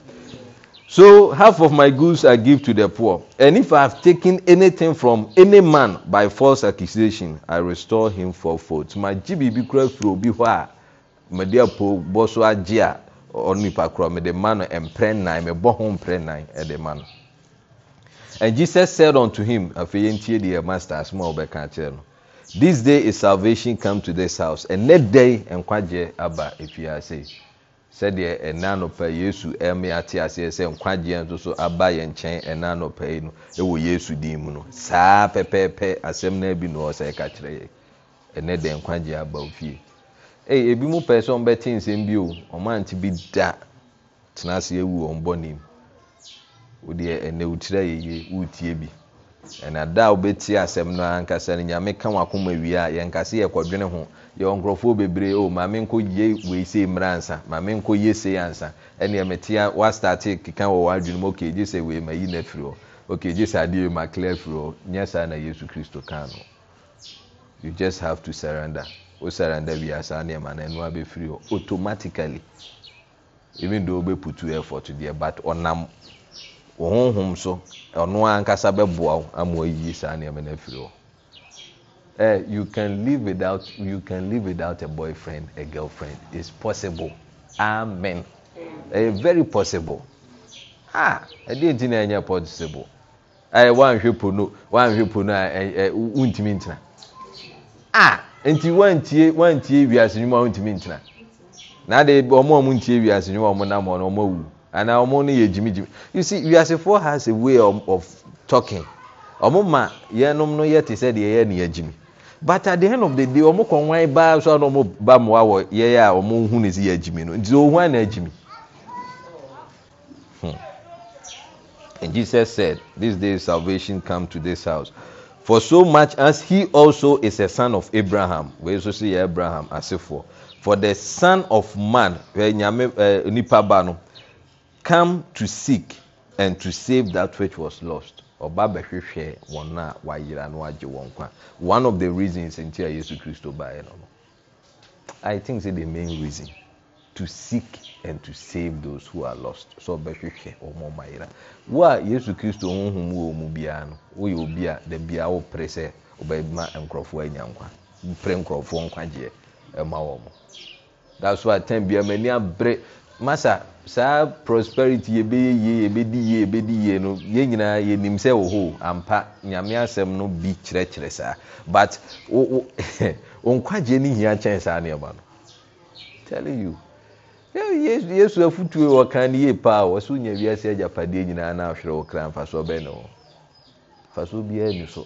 so half of my goods i give to the poor and if i have taken anything from any man by false accusation i restore him fourfold ma gye biribi kura firi obi hɔ a mɛde apo bɔ so agye a ɔno nipa kura mɛde ma no mpɛ nnan mɛbɔ ho mpɛ nnan ɛde ma no and jesus said unto him afei yɛn tie deɛ master asoma ɔbɛka akyerɛ no. this day is salvation come to this house ɛnɛ dɛn nkwagyeɛ aba efiase sɛdeɛ ɛna anɔpa yesu ɛmi ate aseɛ sɛ nkwagyeɛ nso so aba yɛn nkyɛn ɛna anɔpa yi no ɛwɔ yesu din mu no saa pɛpɛɛpɛ asɛm na ebi na ɔsɛ ɛka kyerɛ yɛ ɛnɛ dɛn nkwagyeɛ aba ofie ɛyɛ ebi mu pɛ sɛ ɔmbɛte nsɛm bi o ɔmante bi da tena ase ewu ɔmbɔ ne mu o deɛ ɛnɛ otira yɛ yie wotie bi ɛna da a wobɛti asɛm no ankasa no nyame ka wakoma wie a yɛnkase yɛkɔdwene ho yɛwɔ nkurɔfoɔ bebree o oh, maame nkɔ yie weisei mmerɛ ansa maame nkɔ yie sei ansa ɛnea mete a wastate keka wɔ w'adwene mu okay gye sɛ wei ma yi na firi hɔ okay gye sɛ adeɛ ma clear firi hɔ nyɛ saa na yesu kristo ka no you just have to surrender o surrender bi asaa nneɛma na ɛnua bɛfiri hɔ automatically even though wobɛputu effort deɛ but ɔnam wo so ɔno ankasa bɛboa wo ama ayiyi saa nneɛma no afiri hɔ eh you can live without you can live without a boyfriend a girlfriend is possible amen eh very possible ah ɛdeɛ nti na ɛnyɛ possible eh wanhwɛ pono wanhwɛ pono a eh wuntumi ntena ah nti wantie wantie wiase nnwuma wuntumi ntena na de ɔmo a ɔmo ntie wiase nnwuma ɔmo nam hɔ no ɔmo awu anaa ɔmo no yɛ gyimigyimi you see wiasefoɔ has a way of, talking ɔmo ma yɛnom no yɛ te sɛ deɛ yɛ ne yɛ gyimi but at the end of the day ɔmo kɔnwan ba so ana ɔmo ba mmoa wɔ yɛyɛ a ɔmo hu ni si yɛ gyimi no nti ohun ana gyimi hmm and Jesus said this day salvation come to this house for so much as he also is a son of Abraham wei nso si yɛ Abraham asefoɔ for the son of man ɛ eh, nyame ɛ eh, nipa ba no come to seek and to save that which was lost ọba abɛhwehwɛ wɔn a wayera no agye wɔn kwa one of the reasons nti a yesu kristo baeɛ no no i think say the main reason to seek and to save those who are lost so ɔbɛhwehwɛ wɔn a wayera wo a yesu kristo honhom wɔ wɔn mu biara no woyɛ obi a da biara wopere sɛ ɔbɛma nkurɔfoɔ anya nkwa mpere nkurɔfoɔ nkwagyeɛ ɛma wɔn that's why ten biara mɛ ni masa saa prosperity yɛbɛyɛ yie yɛbɛdi yie yɛbɛdi yie no yɛn nyinaa yɛnim sɛ wɔ hɔ ampa nyame asɛm no bi kyerɛkyerɛ saa but wo wo nkwagye ne hia kyɛn saa nneɛma no telling you yesu yesu afutuo wɔkan ne yie paa wɔso nya wiase agyapadeɛ nyinaa na ahwerɛ wɔ kra mfasoɔ bɛn no ho mfasoɔ biara ni so.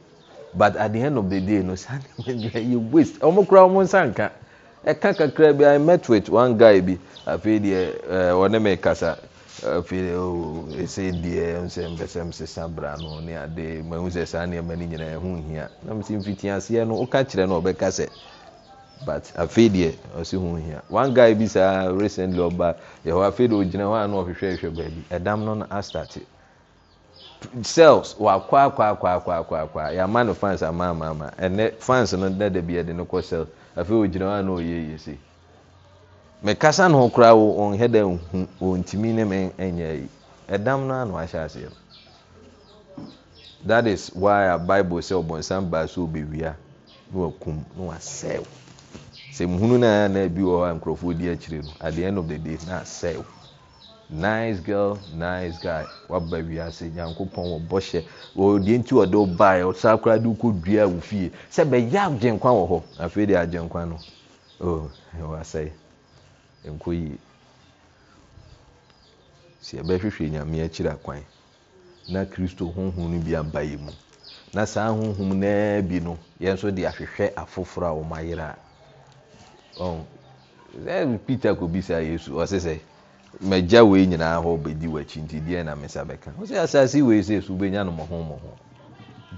but at the end of the day no saa nneɛma yɛ waste wɔn kura wɔn nsa nka ɛka kakra bi i met with one guy bi afei deɛ eh, ɛɛ eh, wɔne mi kasa afei deɛ ooo ese deɛ nsɛ mpɛsɛm sisa bra no ne ade ma ehu sɛ saa nneɛma no nyinaa ɛho nhia na mo si mfiti aseɛ no ɔka kyerɛ no ɔbɛka sɛ but afei deɛ ɔsi ho hia one guy bi saa recently ɔba yɛ hɔ afei deɛ ogyina hɔ a na ɔhwehwɛ ɛhwɛ baabi ɛdam no na astate. cells wakɔ akɔakɔakɔakɔakɔa yɛama no fans amaamaama ɛnɛ fans no na da biade no kɔ cells afei ɔgyina hɔ a na ɔyɛyie sei mekasa no ho koraa wo ɔnhɛ da nhu ɔntumi ne me ɛnyɛ yi ɛdam no ano ahyɛ aseɛ that is why a bible sɛ ɔbɔnsam baa sɛ ɔbɛwia na wakum na wasɛw sɛ muhunu no a na wɔ hɔ a nkurɔfoɔ di akyire no at the end of the day na asɛw nice girl nice guy waba wiase nyankopɔn wɔ bɔhyɛ wɔdeɛ nti wɔde wo baeɛ ɔsa koraa de wokɔ dua wo fie sɛ bɛyɛ agyenkwa wɔ hɔ afei deɛ agyenkwa no oh, wasɛe nkɔ yie sɛ yɛbɛhwehwɛ nyame akyiri akwan na kristo honhom no bi aba yɛ mu na saa honhom naa bi no yɛn nso de ahwehwɛ afoforɔ a wɔn ayera a ɔn sɛ peter kò bisa yesu ɔsesɛ magya wei nyinaa hɔ bɛdi w'akyi nti deɛ na mesa bɛka ɔsɛ asase wei sɛ so bɛnya no mɔho mɔho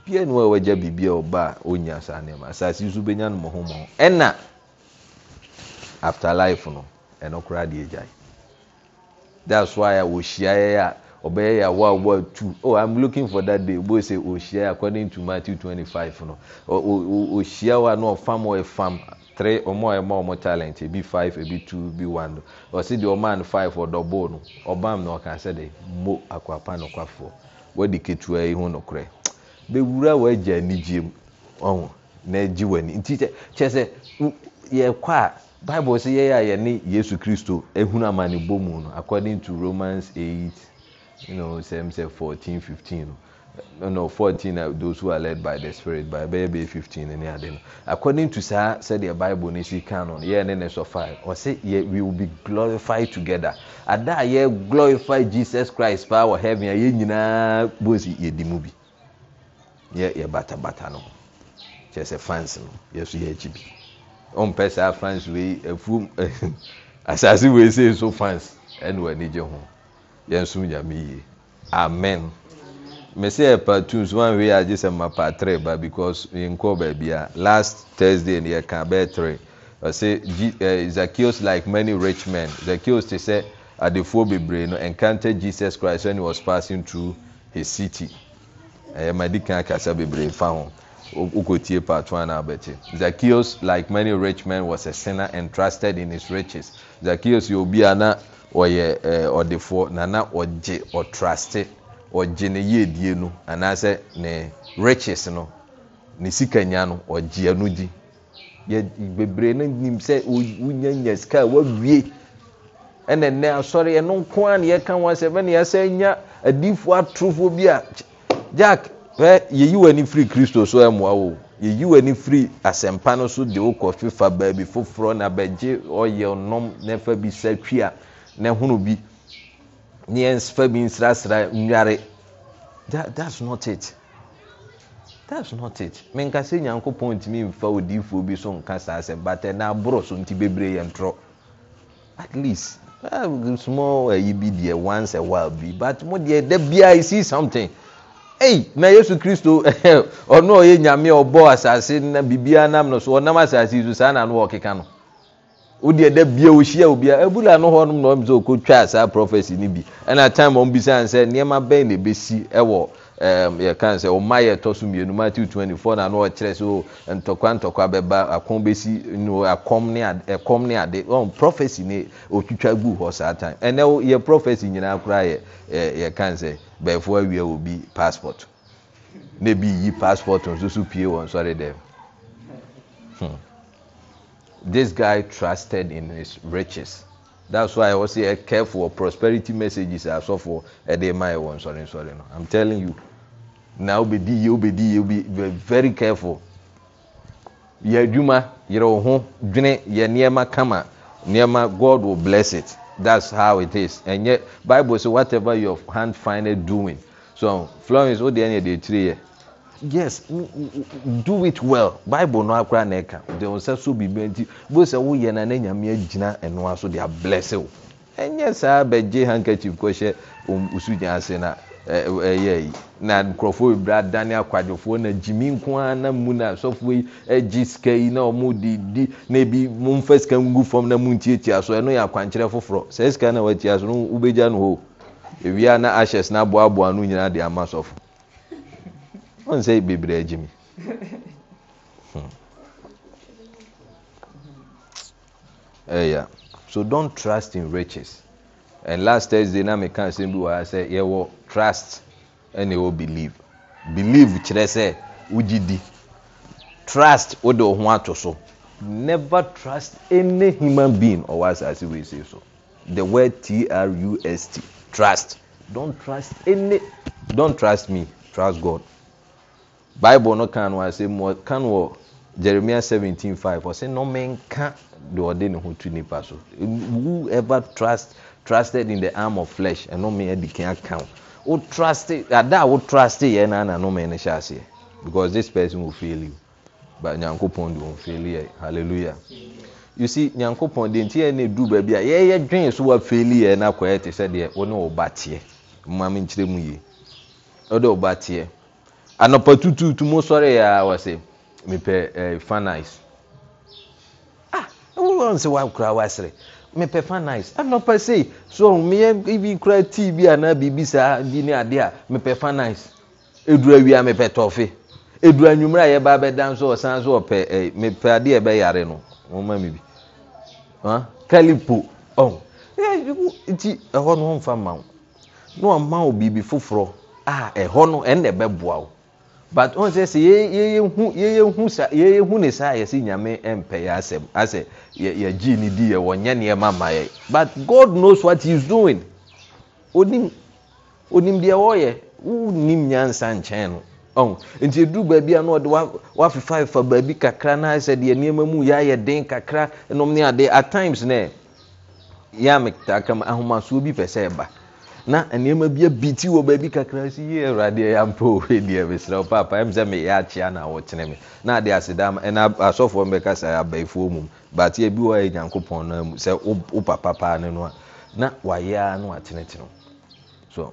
bia no a wagya biribi a ɔba a ɔnya saa nneɛma asase so bɛnya no mɔho mɔho ɛna after life no ɛno koraa deɛ gyae that's why a wɔhyiaeɛ a ɔbɛyɛ yɛ awa awa two oh i'm looking for that day bo sɛ ɔhyia according to matthew twenty five no ɔhyia wa na ɔfam ɔyɛ fam three ɔmo a ɛma ɔmo talent ebi five ebi two ebi one ɔsi deɛ ọman no five ɔdɔbɔɔ no ɔbam na ọka sɛ de mo akwapa no kwafoɔ wɔde ketewa yi hụ nokorɛ bewura wɔagya anigye mu ɔho na agye wɔ ani nti kyɛ sɛ a baịbụl sị yɛyɛ a yɛne yesu kristo ehunu amane bɔ mu no according to romans eight you know sɛm sɛ fourteen fifteen no no, fourteen na uh, those who are led by the spirit by bɛyɛ fifteen ne ade no according to said the bible ne si canon. no yɛn ne ne sɔ five ɔsɛ yɛ we will be glorified together ada a yɛ glorify jesus christ paa wɔ heaven a yɛn nyinaa bosi yɛ di mu bi yɛ yɛ batabata no kyerɛ sɛ fans no yɛ so yɛ akyi bi ɔmpɛ saa fans wei efu e, asase wei sɛ so fans ɛna wɔn ani gye ho yɛn so nyame yie amen. mɛsɛ yɛ eh, part two nso agye sɛ ma three ba because in baabi a last thursday in yɛka bɛɛ three ɔsɛ eh, zacchaeus like many rich men zacchaeus te sɛ adefoɔ bebree no Encountered jesus christ when he was passing through his city ɛyɛ eh, ma di kan kasa bebree fa ho okotie part one na abɛkye zacchaeus like many rich men was a sinner and trusted in his riches zacchaeus yɛ obi a na ɔyɛ ɛɛ ɔdefoɔ na na ɔgye ɔtraste. ɔgye ne yiedie no anaasɛ ne riches no ne sika nya no ɔgye ano gye yɛ bebree no nim sɛ wonya nya sika a wawie ɛna nnɛ asɔre ɛno nko ara na yɛka ho asɛm ɛna yɛsɛ nya adiifoɔ atorofoɔ bi a jack ɛ yɛyi w'ani firi kristo so ɛmoa wo yɛyi w'ani firi asɛmpa no so de wo fifa baabi foforɔ na bɛgye ɔyɛ ɔnom n'afa bi sɛ twi a n'ɛhono bi ne yɛnsfa bi nsrasra nnware that's not it that's not it menka sɛ nyankopɔn ntumi mfa odiifoɔ bi so nka saa sɛ but ɛna aborɔ so nti bebree yɛ ntorɔ at least uh, small ayi bi deɛ once a while be. but mo there, da biara you see something hey na yesu kristo ɔno ɔyɛ nyame ɔbɔ asase na biribiara nam no so ɔnam asase so saa na no ɔkeka no wodeɛ da bia ɔhyia obia abula no hɔnom na ɔm sɛ ɔkɔtwaa saa prophecy no bi ɛna time ɔm bisane sɛ nnoɔma bɛn ne bɛsi ɛwɔ yɛkan sɛ ɔma yɛ ɛtɔ so mmienu matthew 24 na na ɔkyerɛ sɛ oh, ntɔkwa ntɔkwa bɛba akɔn bɛsi ɛkɔm ne ade ɔn prophecy ne ɔtwitwa gu hɔ saa time ɛnɛ yɛ prophecy nyinaa koraa yɛ yɛkan sɛ bɛɛfoɔ awia wɔ passport na bi yi passport nso so pie wɔn sɔre dɛm. Hmm this guy trusted in his riches that's why i was say careful of prosperity messages so asọfo ẹdẹ maye wọn sọrin Sorry, no i'm telling you now be obedi you be yie you be very careful yẹ adwuma yẹrẹ wo ho dwene yẹ nneɛma kama nneɛma god will bless it that's how it is and yet bible say whatever your hand find it doing so florence o deɛ ni yɛ de etire yɛ yes do it well bible no akora na ɛka de nsa so biribi nti bó sɛ woyɛ na ne nyame agyina ɛnoa so de ablɛse wo ɛnyɛ saa bɛgye handkerchief kɔhyɛ osu gya ase na ɛyɛ yi na nkurɔfoɔ bebree adane akwadwofoɔ na gyimi nko ara na mu na asɔfoɔ yi agye sika yi na wɔn de di na ebi mo nfa sika ngu fam na mo ntiatia so ɛno yɛ akwankyerɛ foforɔ sɛ sika na wɔatia so no wobɛgya no hɔ ewia na ashes na aboaboa no nyinaa de ama sɔfo ɔn sɛ bebree agye mi hmm. eh, yeah. so don't trust in riches and last thursday na mi kan sɛ bi wɔ ha sɛ yɛ wɔ trust ɛna ɛwɔ believe believe kyerɛ sɛ wogyi di trust wode wo ho ato so never trust any human being ɔwɔ asase wei sɛ so the word trust trust don't trust any don't trust me trust god. bible no kan no asɛm ka kan wɔ jeremia 17:5 ɔsɛ nka deɛ ɔde ne ho to nipa so ever trust trusted in the arm of flesh ɛnome adi ka aka wo wo trust ada a wo trust yɛ na ana nome no hyɛ aseɛ because this person will fail you but nyankopɔn de wɔn fail yɛ hallelujah you see nyankopɔn deɛ nti yɛ ne du baabi a yɛyɛ dwen so wa fail yɛ na akɔyɛ te sɛ deɛ wo ne wo ba teɛ mmam nkyerɛ mu yie ɔde wo teɛ. anɔpa tutuutu mu sɔre yɛ a wɔsɛ mepɛ ɛɛ eh, fanais ah wɔn sɛ wakura wasere mepɛ fanais anɔpa sei so meyɛ ibi kura tii bi anaa biribi saa bi ne adeɛ a mepɛ fanais edura wia mepɛ tɔfe edura nwumire a yɛba abɛda nso ɔsan so ɔpɛ ɛɛ eh, mepɛ adeɛ ɛbɛyare no wɔn ma mi bi hàn kalipo ɔn ɛɛ eh, ti ɛhɔ no wɔn fa ma no na wɔn ma wo biribi foforɔ a ɛhɔ no ɛnna ɛbɛboa wo. sɛsɛ yɛyɛhu ne saa yɛsɛ nyame mpɛɛ asɛm asɛ yɛgyee ne di ɛ wɔnyɛ nneɔma mayɛ bt god knos whatyes doin ɔnim deɛ wɔyɛ wonim nyansa nkyɛn nonti ɛduru baabi a n ɔdewafefa fa baabi kakra na sɛdeɛ nnoɔma mu yɛayɛ den kakra nom ne ade at times n yɛ ametaa kam ahomasoɔ bi pɛ sɛ ɛba na nneɛma bi abiti wɔ baabi kakra si yie awurade ɛyɛ ampa owe deɛ mesrɛ wo paapa ɛm sɛ meyɛ akyea na wɔkyene me na ade asedam ɛna asɔfoɔ mbɛka sɛ abaefoɔ mum baateɛ bi wɔ yɛ nyankopɔn no mu sɛ wo papa paa ne no a na wayɛ a na watenetene so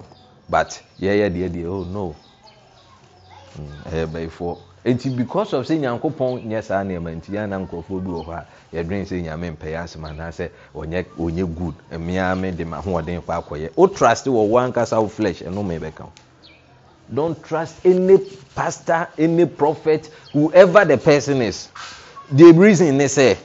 but yɛyɛ deɛ deɛ oh no mm, ɛyɛ mm, nti because of sɛ nyankopɔn nyɛ saa nneɛma nti yɛn na nkurɔfoɔ bi wɔ hɔ a yɛdwen sɛ nyame mpɛyɛ asɛm anaasɛ ɔnyɛ ɔnyɛ good mmea me de ma ahoɔden kɔ akɔyɛ o trust wɔ wɔn ankasa wo flesh ɛno ma ɛbɛka ho don't trust any pastor any prophet whoever the person is the reason ne sɛ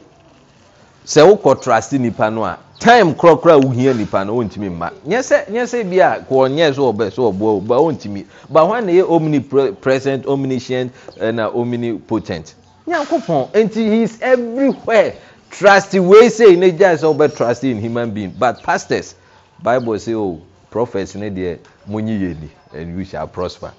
sɛ wokɔ trust nipa no a time korakora a wohia nipa no ɔntumi mma nyɛsɛ nyɛsɛ bi a wɔnyɛ sɛ ɔbɛ sɛ ɔboa o ba ɔntumi ba hɔ na yɛ omnipresent omniscient ɛna eh, omnipotent nyankopɔn nti he is everywhere trust wei Say, ne gya sɛ ɔbɛ trust in human being but pastors bible say o oh, prophets ne deɛ mo nyi yɛ ni and you shall prosper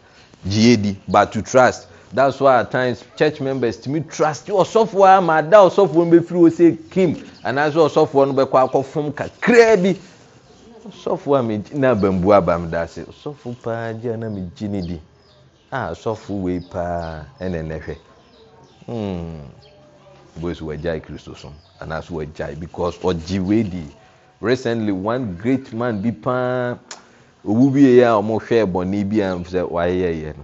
gye yɛ di but to trust that's why at times church members tumi trust ɔsɔfoɔ a ma da ɔsɔfoɔ no bɛfiri hɔ sɛ kim anaasɛ ɔsɔfoɔ no bɛkɔ akɔfom kakraa bi ɔsɔfoɔ a megye na bambu aba me da ase ɔsɔfoɔ paa gye a na megye ne di a ɔsɔfoɔ wei paa ɛna ɛnɛ hwɛ hmm boys wɔgyae kristo so anaasɛ wɔgyae because ɔgye wei di recently one great man bi paa owu bi yɛ a wɔhwɛ bɔnne bi a sɛ wɔayɛyɛ no.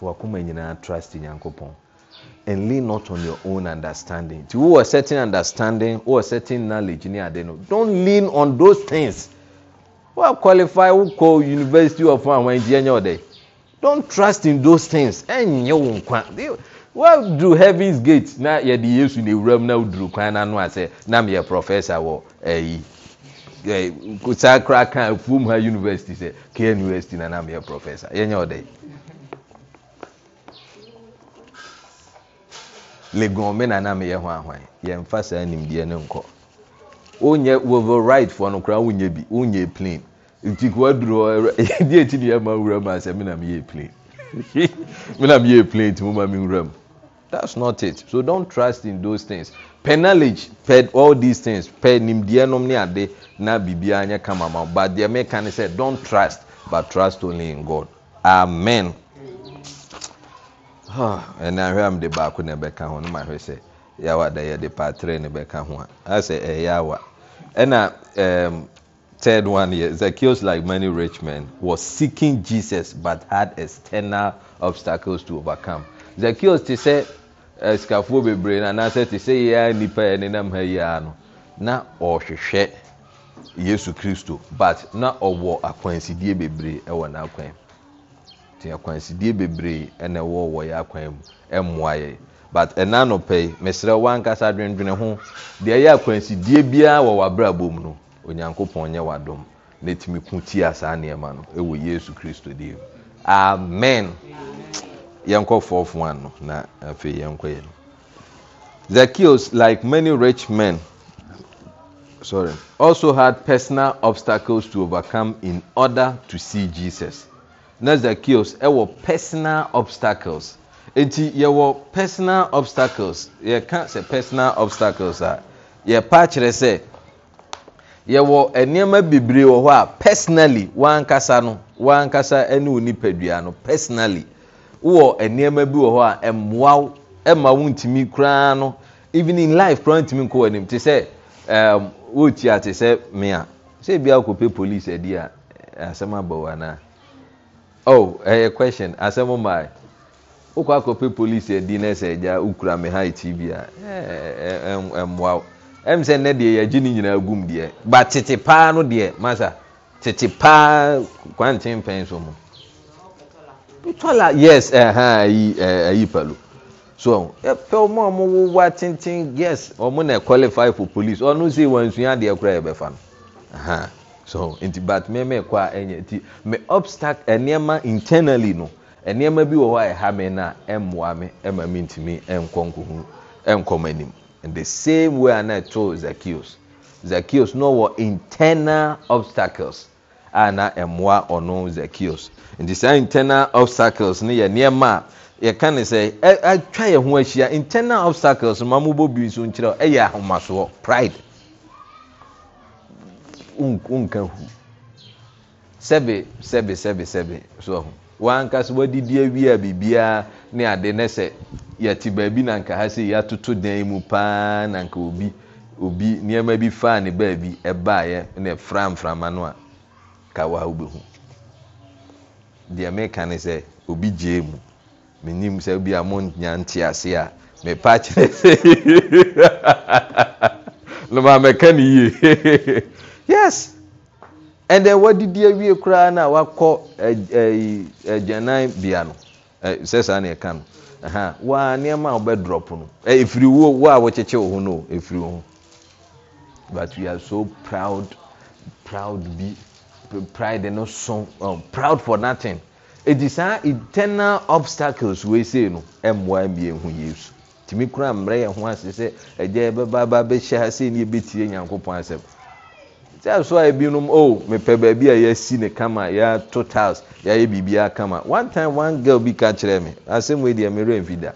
fa wakoma nyinaa trust nyankopɔn and lean not on your own understanding ti wowɔ certain understanding wowɔ certain knowledge ne ade no don't lean on those things wa qualify wokɔ university of àwọn ẹnjẹ ẹnyẹ ọdẹ don't trust in those things ẹnyẹ wọn kwan wa do heaven's gate na yɛde yesu na ewuram na duru kwan n'ano ase. na mi yɛ professor wɔ ɛyi ɛ kusa kora kan fum ha university sɛ knust na na yɛ professor yɛnyɛ ọdẹ. legon me na na meyɛ ho ahwan yɛmfa saa nimdeɛ no nkɔ wonyɛ wovel right foɔ no koraa wonyɛ bi wonyɛ plane nti ko aduro yɛde akyi deɛ ma wura mu asɛ me na meyɛ plane me na meyɛ plane ti mo ma me wura mu that's not it so don't trust in those things per per all these things per nimdeɛ nom ne ade na biribiara nyɛ kama ma but deɛ meka ne sɛ don't trust but trust only in God amen ɛna ahwɛ am de baako na ɛbɛka ho no ma hwɛ sɛ yawa da yɛ de paatere na ho a asɛ ɛyɛ awa ɛna third one yɛ Zacchaeus like many rich men was seeking Jesus but had external obstacles to overcome Zacchaeus ti sɛ ɛsikafoɔ bebree na anaasɛ ti sɛ yɛa nipa yɛ nenam ha yia no na ɔhwehwɛ Yesu Kristo but na ɔwɔ akwansidie bebree ɛwɔ n'akwan mu nti akwansidie bebree ɛna ɛwɔ wɔ yɛ akwan mu ɛmmoa yɛ but ɛna nɔpɛ yi mesrɛ wankasa adwendwene ho deɛ ɛyɛ akwansidie biara wɔ w'abrabɔ mu no onyankopɔn nyɛ w'adom na etumi ko tia saa nneɛma no ɛwɔ yesu kristo deɛ mu amen yɛnkɔ fourth one no na afei yɛnkɔ yɛ no Zacchaeus like many rich men sorry also had personal obstacles to overcome in order to see Jesus na zakios ɛwɔ personal obstacles nti yɛwɔ personal obstacles yɛka sɛ personal obstacles a yɛpa akyerɛ sɛ yɛwɔ nneɛma bebree wɔ hɔ a personally wankasa no wankasa ne wo nipadua no personally wowɔ nneɛma bi wɔ hɔ a mmoa ma wo ntumi koraa no even in life koraa ntumi nkɔ w'anim te sɛ wɔretua te sɛ mmea sɛ ebi akɔpɛ police adi a asɛm aba wɔ anaa ɛyɛ oh, eh, eh, question asɛm mae wokɔ akɔpɛ police adi no sɛ ukura wokura me haiti bi a eh, mmoawo m sɛ nnɛ deɛ yɛagye no nyinaa gum deɛ ba tete paa no deɛ masa tete paa kwanten pɛn so mu bitɔla yes ayi ayi palo so pɛ ɔmo a ɔmo wowa tenten yes ɔmo na qualify for police ɔno sɛ wansua adeɛ koraa yɛbɛfa no. so nti but mmɛmɛ kɔ a ɛnyɛ nti mɛ obstacle eh, nneɛma internally no eh, nneɛma bi wɔ hɔ a ɛha mi na ɛmmoa mi ɛma mi ntumi ɛnkɔ nkohu ɛnkɔ mo anim in the same way ana ɛto Zacchaeus Zacchaeus no wɔ internal obstacles a na ɛmmoa ɔno Zacchaeus nti saa internal obstacles no yɛ nneɛma a yɛka ne sɛ ɛtwa yɛn ho ahyia internal obstacles ma mo bɔ bi nso nkyerɛ ɛyɛ ahomasoɔ pride wonka hu sɛbe sɛbe sɛbe sɛbe so ho wanka so wadidi awie a biribiara ne ade ne sɛ yɛte baabi na nka ha sɛ yɛatoto dan mu paa na nka obi obi nneɛma bi faa ne baabi ɛbaayɛ ne framframa no a ka wa wobɛhu deɛ meka ne sɛ obi gyee mu menim sɛ bi a monya nte ase a mepa kyerɛ sɛ no ma mɛka ne yie yes and ɛnna wadidi awie koraa na wakɔ ɛɛ ɛgyanan bea no ɛɛ sɛ saa na ɛka no ɛha waa nneɛma a wɔbɛdrɔp no ɛɛ efiri wo wo a wɔkyekyɛ wo ho no efiri wo ho but we are so proud proud bi pride no so um, proud for nothing edi saa internal obstacles wei sei no ɛmmoa mmea ho yesu tìmí kura mmerɛ yɛn ho ase sɛ ɛgya yɛ bɛba bɛhyɛ ha sei ne yɛ bɛtie nyankopɔn asɛm. sị sɛaso a ebinom o oh, mepɛ beebi a yasi ne kama yɛato tiles yɛayɛ biribiaa kama one time one girl bi ka kyerɛɛ me asɛm wei deɛ merɛmfi da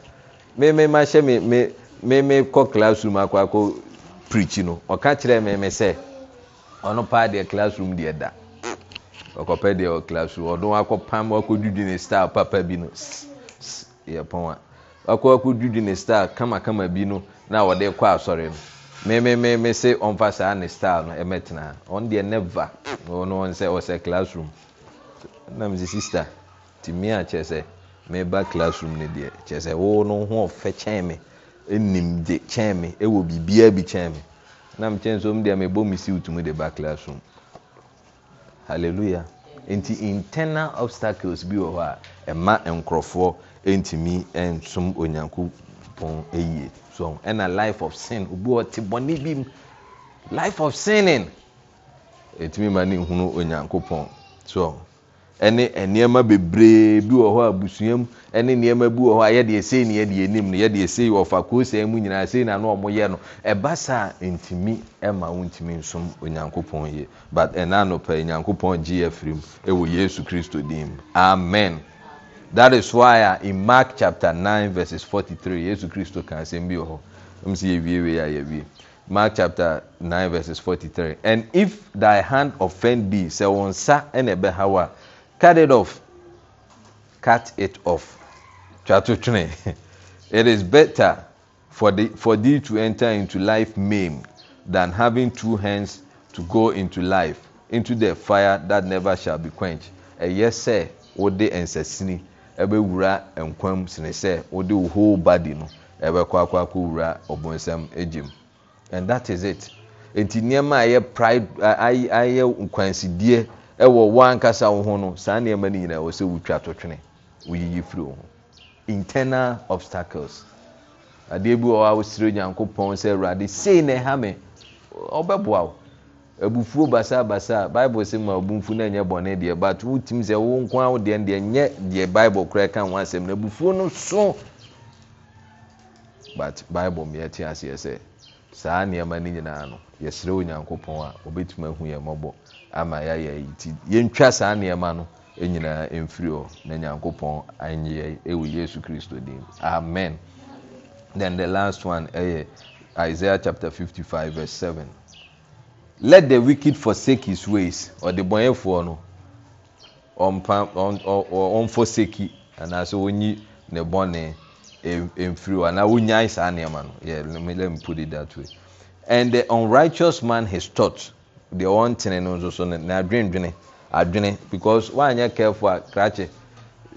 memahyɛ memekɔ classroom akɔakɔ prikyi no ɔka kyerɛɛ me me sɛ ɔno paa deɛ classroom deɛ da ɔkɔpɛ deɛ classroom ɔno akɔpam wakɔdwidwi ne star papa bi no yɛpɔn a wakɔ akɔdwidwi ne star kamakama bi no na ɔde kɔ asɔre no mmemme sị ọmfa saa ne star no mmetena eh, ɔn deɛ neva ɔno ɔn sɛ ɔsɛ oh, classroom nam sɛ sista tìmí a kyerɛ sɛ mmeba classroom ne deɛ kyerɛ sɛ wɔn no ho ɔfɛ kyɛn mi enim de kyɛn mi ɛwɔ biribiara bi kyɛn mi nam kyɛn so deɛ mebɔ mi si utumi de ba classroom hallelujah nti internal obstacles bi wɔ hɔ a ɛma nkurɔfoɔ ntumi nsom pon yie so ɛna life of sin obi ɔte bɔne bi mu life of sinning Etimi ma ne nhunu onyankopɔn so ɛne nneɛma bebree bi wɔ hɔ a busua mu ɛne nneɛma bi wɔ hɔ a yɛde esei ne yɛde enim no yɛde esei wɔ fa koosɛn mu nyinaa esei na ano wɔn yɛ no ɛba saa ntumi ɛma wɔn ntumi nsom onyankopɔn yie but ɛna anɔpɛ onyankopɔn gye yɛ firim ɛwɔ yesu kristo dim amen. that is why in mark chapter nine verses forty-three yesu kristo kan asɛm bi wɔ hɔ ɛmu sɛ yɛwie a mark chapter nine verses forty-three and if thy hand offend thee sɛ wɔn nsa ɛna ɛbɛ ha wa cut it off cut it off twato twene it is better for thee to enter into life maimed than having two hands to go into life into the fire that never shall be quenched ɛyɛ sɛ wode nsasini. bɛwura nkwam sene sɛ wode wo whole body no bɛkɔ akɔakɔ wura ɔbonsɛm gyem and that is it nti nnoɔma a ɛyɛ pride ayɛ nkwansideɛ wɔ wo ankasa wo ho no saa nnoɔma no nyinaa ɛwɔ sɛ wotwa totwene woyiyi firi wo ho internal obstacles adeɛ bi wɔwɔ a wosire onyankopɔn sɛ awurade sei ne ɛha me ɔbɛboa wo abufuo basabasa bible sɛ ma obumfu no nyɛ bɔne deɛ but wotimi sɛ wo nko a wo deɛ deɛ nyɛ deɛ bible kora ka ho asɛm no abufuo no so but bible meyɛte aseɛ sɛ saa nnoɔma no nyinaa no yɛsrɛ onyankopɔn a ɔbɛtumi ahu yɛ mmɔbɔ ama yɛayɛ nti yɛntwa saa nnoɔma no e nyinaa mfiri hɔ na nyankopɔn anyeyɛ ɛwɔ e yesu kristo dim amen then the last one ɛyɛ e isaiah chapter 55 verse 7 let the wicked forsake his ways ɔde bɔnyɛfoɔ no ɔmpa ɔmfoseki anaasɛ wɔnyi ne bɔne mfiri hɔ anaa wɔnyae saa nneɛma no yeah let me let me put it that way and the unrighteous man his thought deɛ ɔntene no nso so ne n'adwendwene adwene because wanyɛ careful a krakye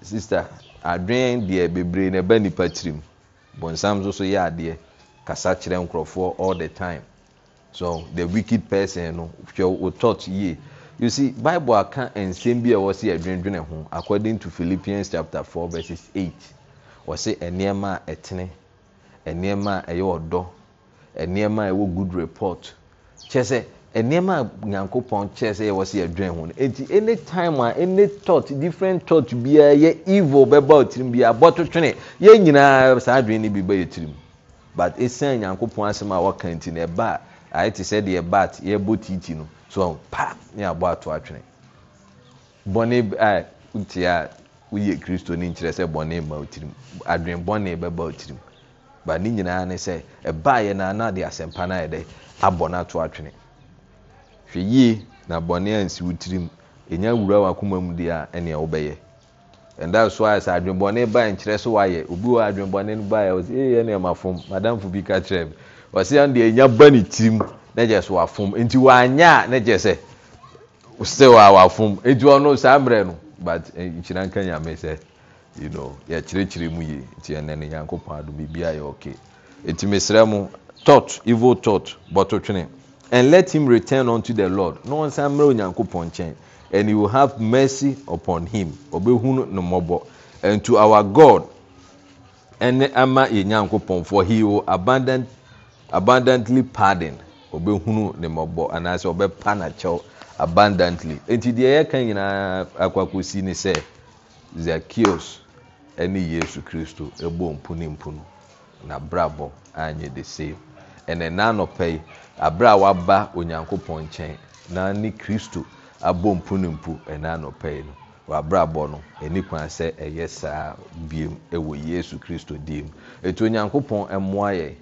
sister adwene deɛ bebree na ɛbɛ nipa tirim bɔnsam nso so yɛ adeɛ kasa kyerɛ nkurɔfoɔ all the time so the wicked person no hwɛ o thought yie you see bible aka nsɛm bi a ɛwɔ si ɛdwendwene ho according to philippians chapter four verses eight wɔsi nneɛma a ɛtene nneɛma a ɛyɛ ɔdɔ nneɛma a ɛwɔ good report kyɛ sɛ nneɛma a nyankopɔn kyɛ sɛ ɛwɔ si ɛdwen ho eti any time a any thought different thought biara yɛ evil bɛba otirim biara bɔtotwene yɛn nyinaa saa adwene ne bi bɛ yɛ tirim but esan nyankopɔn asɛm a wɔka nti na ɛbaa. ayɛ te sɛ deɛ bat yɛbɔ tiiti no so pa ne abɔ ato atwene bɔne a wotie a woyɛ kristo no nkyerɛ sɛ bɔne ma wotirim adwene bɔne bɛba wotirim ba ne nyinaa ne sɛ ɛbaa yɛ na na de asɛmpa na ayɛ dɛ abɔ no ato atwene hwɛ yie na bɔne ansi wotirim ɛnya wura wakoma mu deɛ a ɛnea wobɛyɛ and that's why sɛ adwene bɔne ba nkyerɛ so wayɛ obi wɔ adwene bɔne no baeɛ wɔ sɛ ɛyɛ ne ɛma fam madamfo bi ka kyerɛ me ɔsɛn deɛ ɛnya ba ne tirim na gye sɛ wafom nti wanya a na gye sɛ still a wafom nti ɔno saa mmerɛ no but eh, nkyira nka nyame sɛ you know yɛkyerɛkyerɛ mu yie nti ɛnɛ no nyankopɔn adom biribiara yɛ okay nti mesrɛ mo thought evil thought bɔtɔ twene and let him return unto the lord na wɔn nsa mmerɛ onyankopɔn nkyɛn and he will have mercy upon him ɔbɛhunu no mmɔbɔ and to our god ɛne ama yɛ nyankopɔn for he will abandon abundantly pardon ɔbɛhunu ne mɔbɔ anaasɛ ɔbɛpa n'akyɛw abundantly nti deɛ yɛka nyinaa akwakosi ne sɛ Zacchaeus ɛne Yesu Kristo ɛbɔ mpunimpunu na brabɔ anyɛ de se. ɛnɛ nanɔpɛ yi abere a waba Onyankopɔn nkyɛn na Kristo abɔ mpunimpu ɛnɛ anɔpɛ yi no wabrabɔ no ɛni kwan sɛ ɛyɛ saa biem ɛwɔ Yesu Kristo dim etu Onyankopɔn ɛmoa yɛ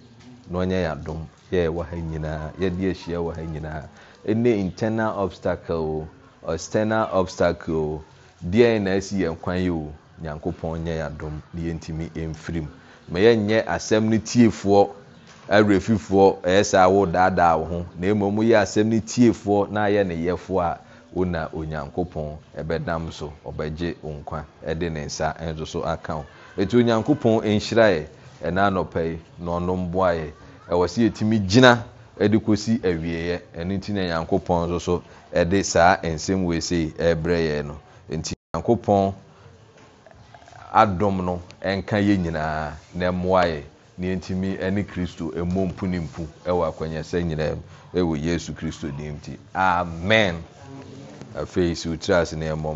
na ɔnyɛ yɛ adom yɛ ɛwɔ ha nyinaa yɛde ahyia wɔ ha nyinaa ɛne internal obstacle o external obstacle o deɛ na asi yɛn kwan yi o nyankopɔn nyɛ yɛ adom na yɛntumi mfiri mu ma yɛnyɛ asɛm no tiefoɔ awerɛfifoɔ ɛyɛ saa wo daadaa wo ho na mmom yɛ asɛm no tiefoɔ na ayɛ ne yɛfoɔ a wona onyankopɔn ɛbɛdam so ɔbɛgye nkwa ɛde ne nsa nso so aka ho ɛti onyankopɔn nhyira yɛ ɛna anɔpɛyi na ɔno mboayɛ ɛwɔ sɛ yɛtumi gyina de kɔsi awieeɛ ɛno nti na nyankopɔn nso so ɛde saa nsɛm weesei ɛbrɛ yɛ no nti nyankopɔn adom no ɛnka yɛ nyinaa na ɛmmoayɛ na yɛntumi ne kristo ɛmmɔ mpu ne mpu ɛwɔ akwanyɛsɛ nyinaa ɛwɔ yesu kristo dim ti amen afei si wotiri ase na ɛmmɔ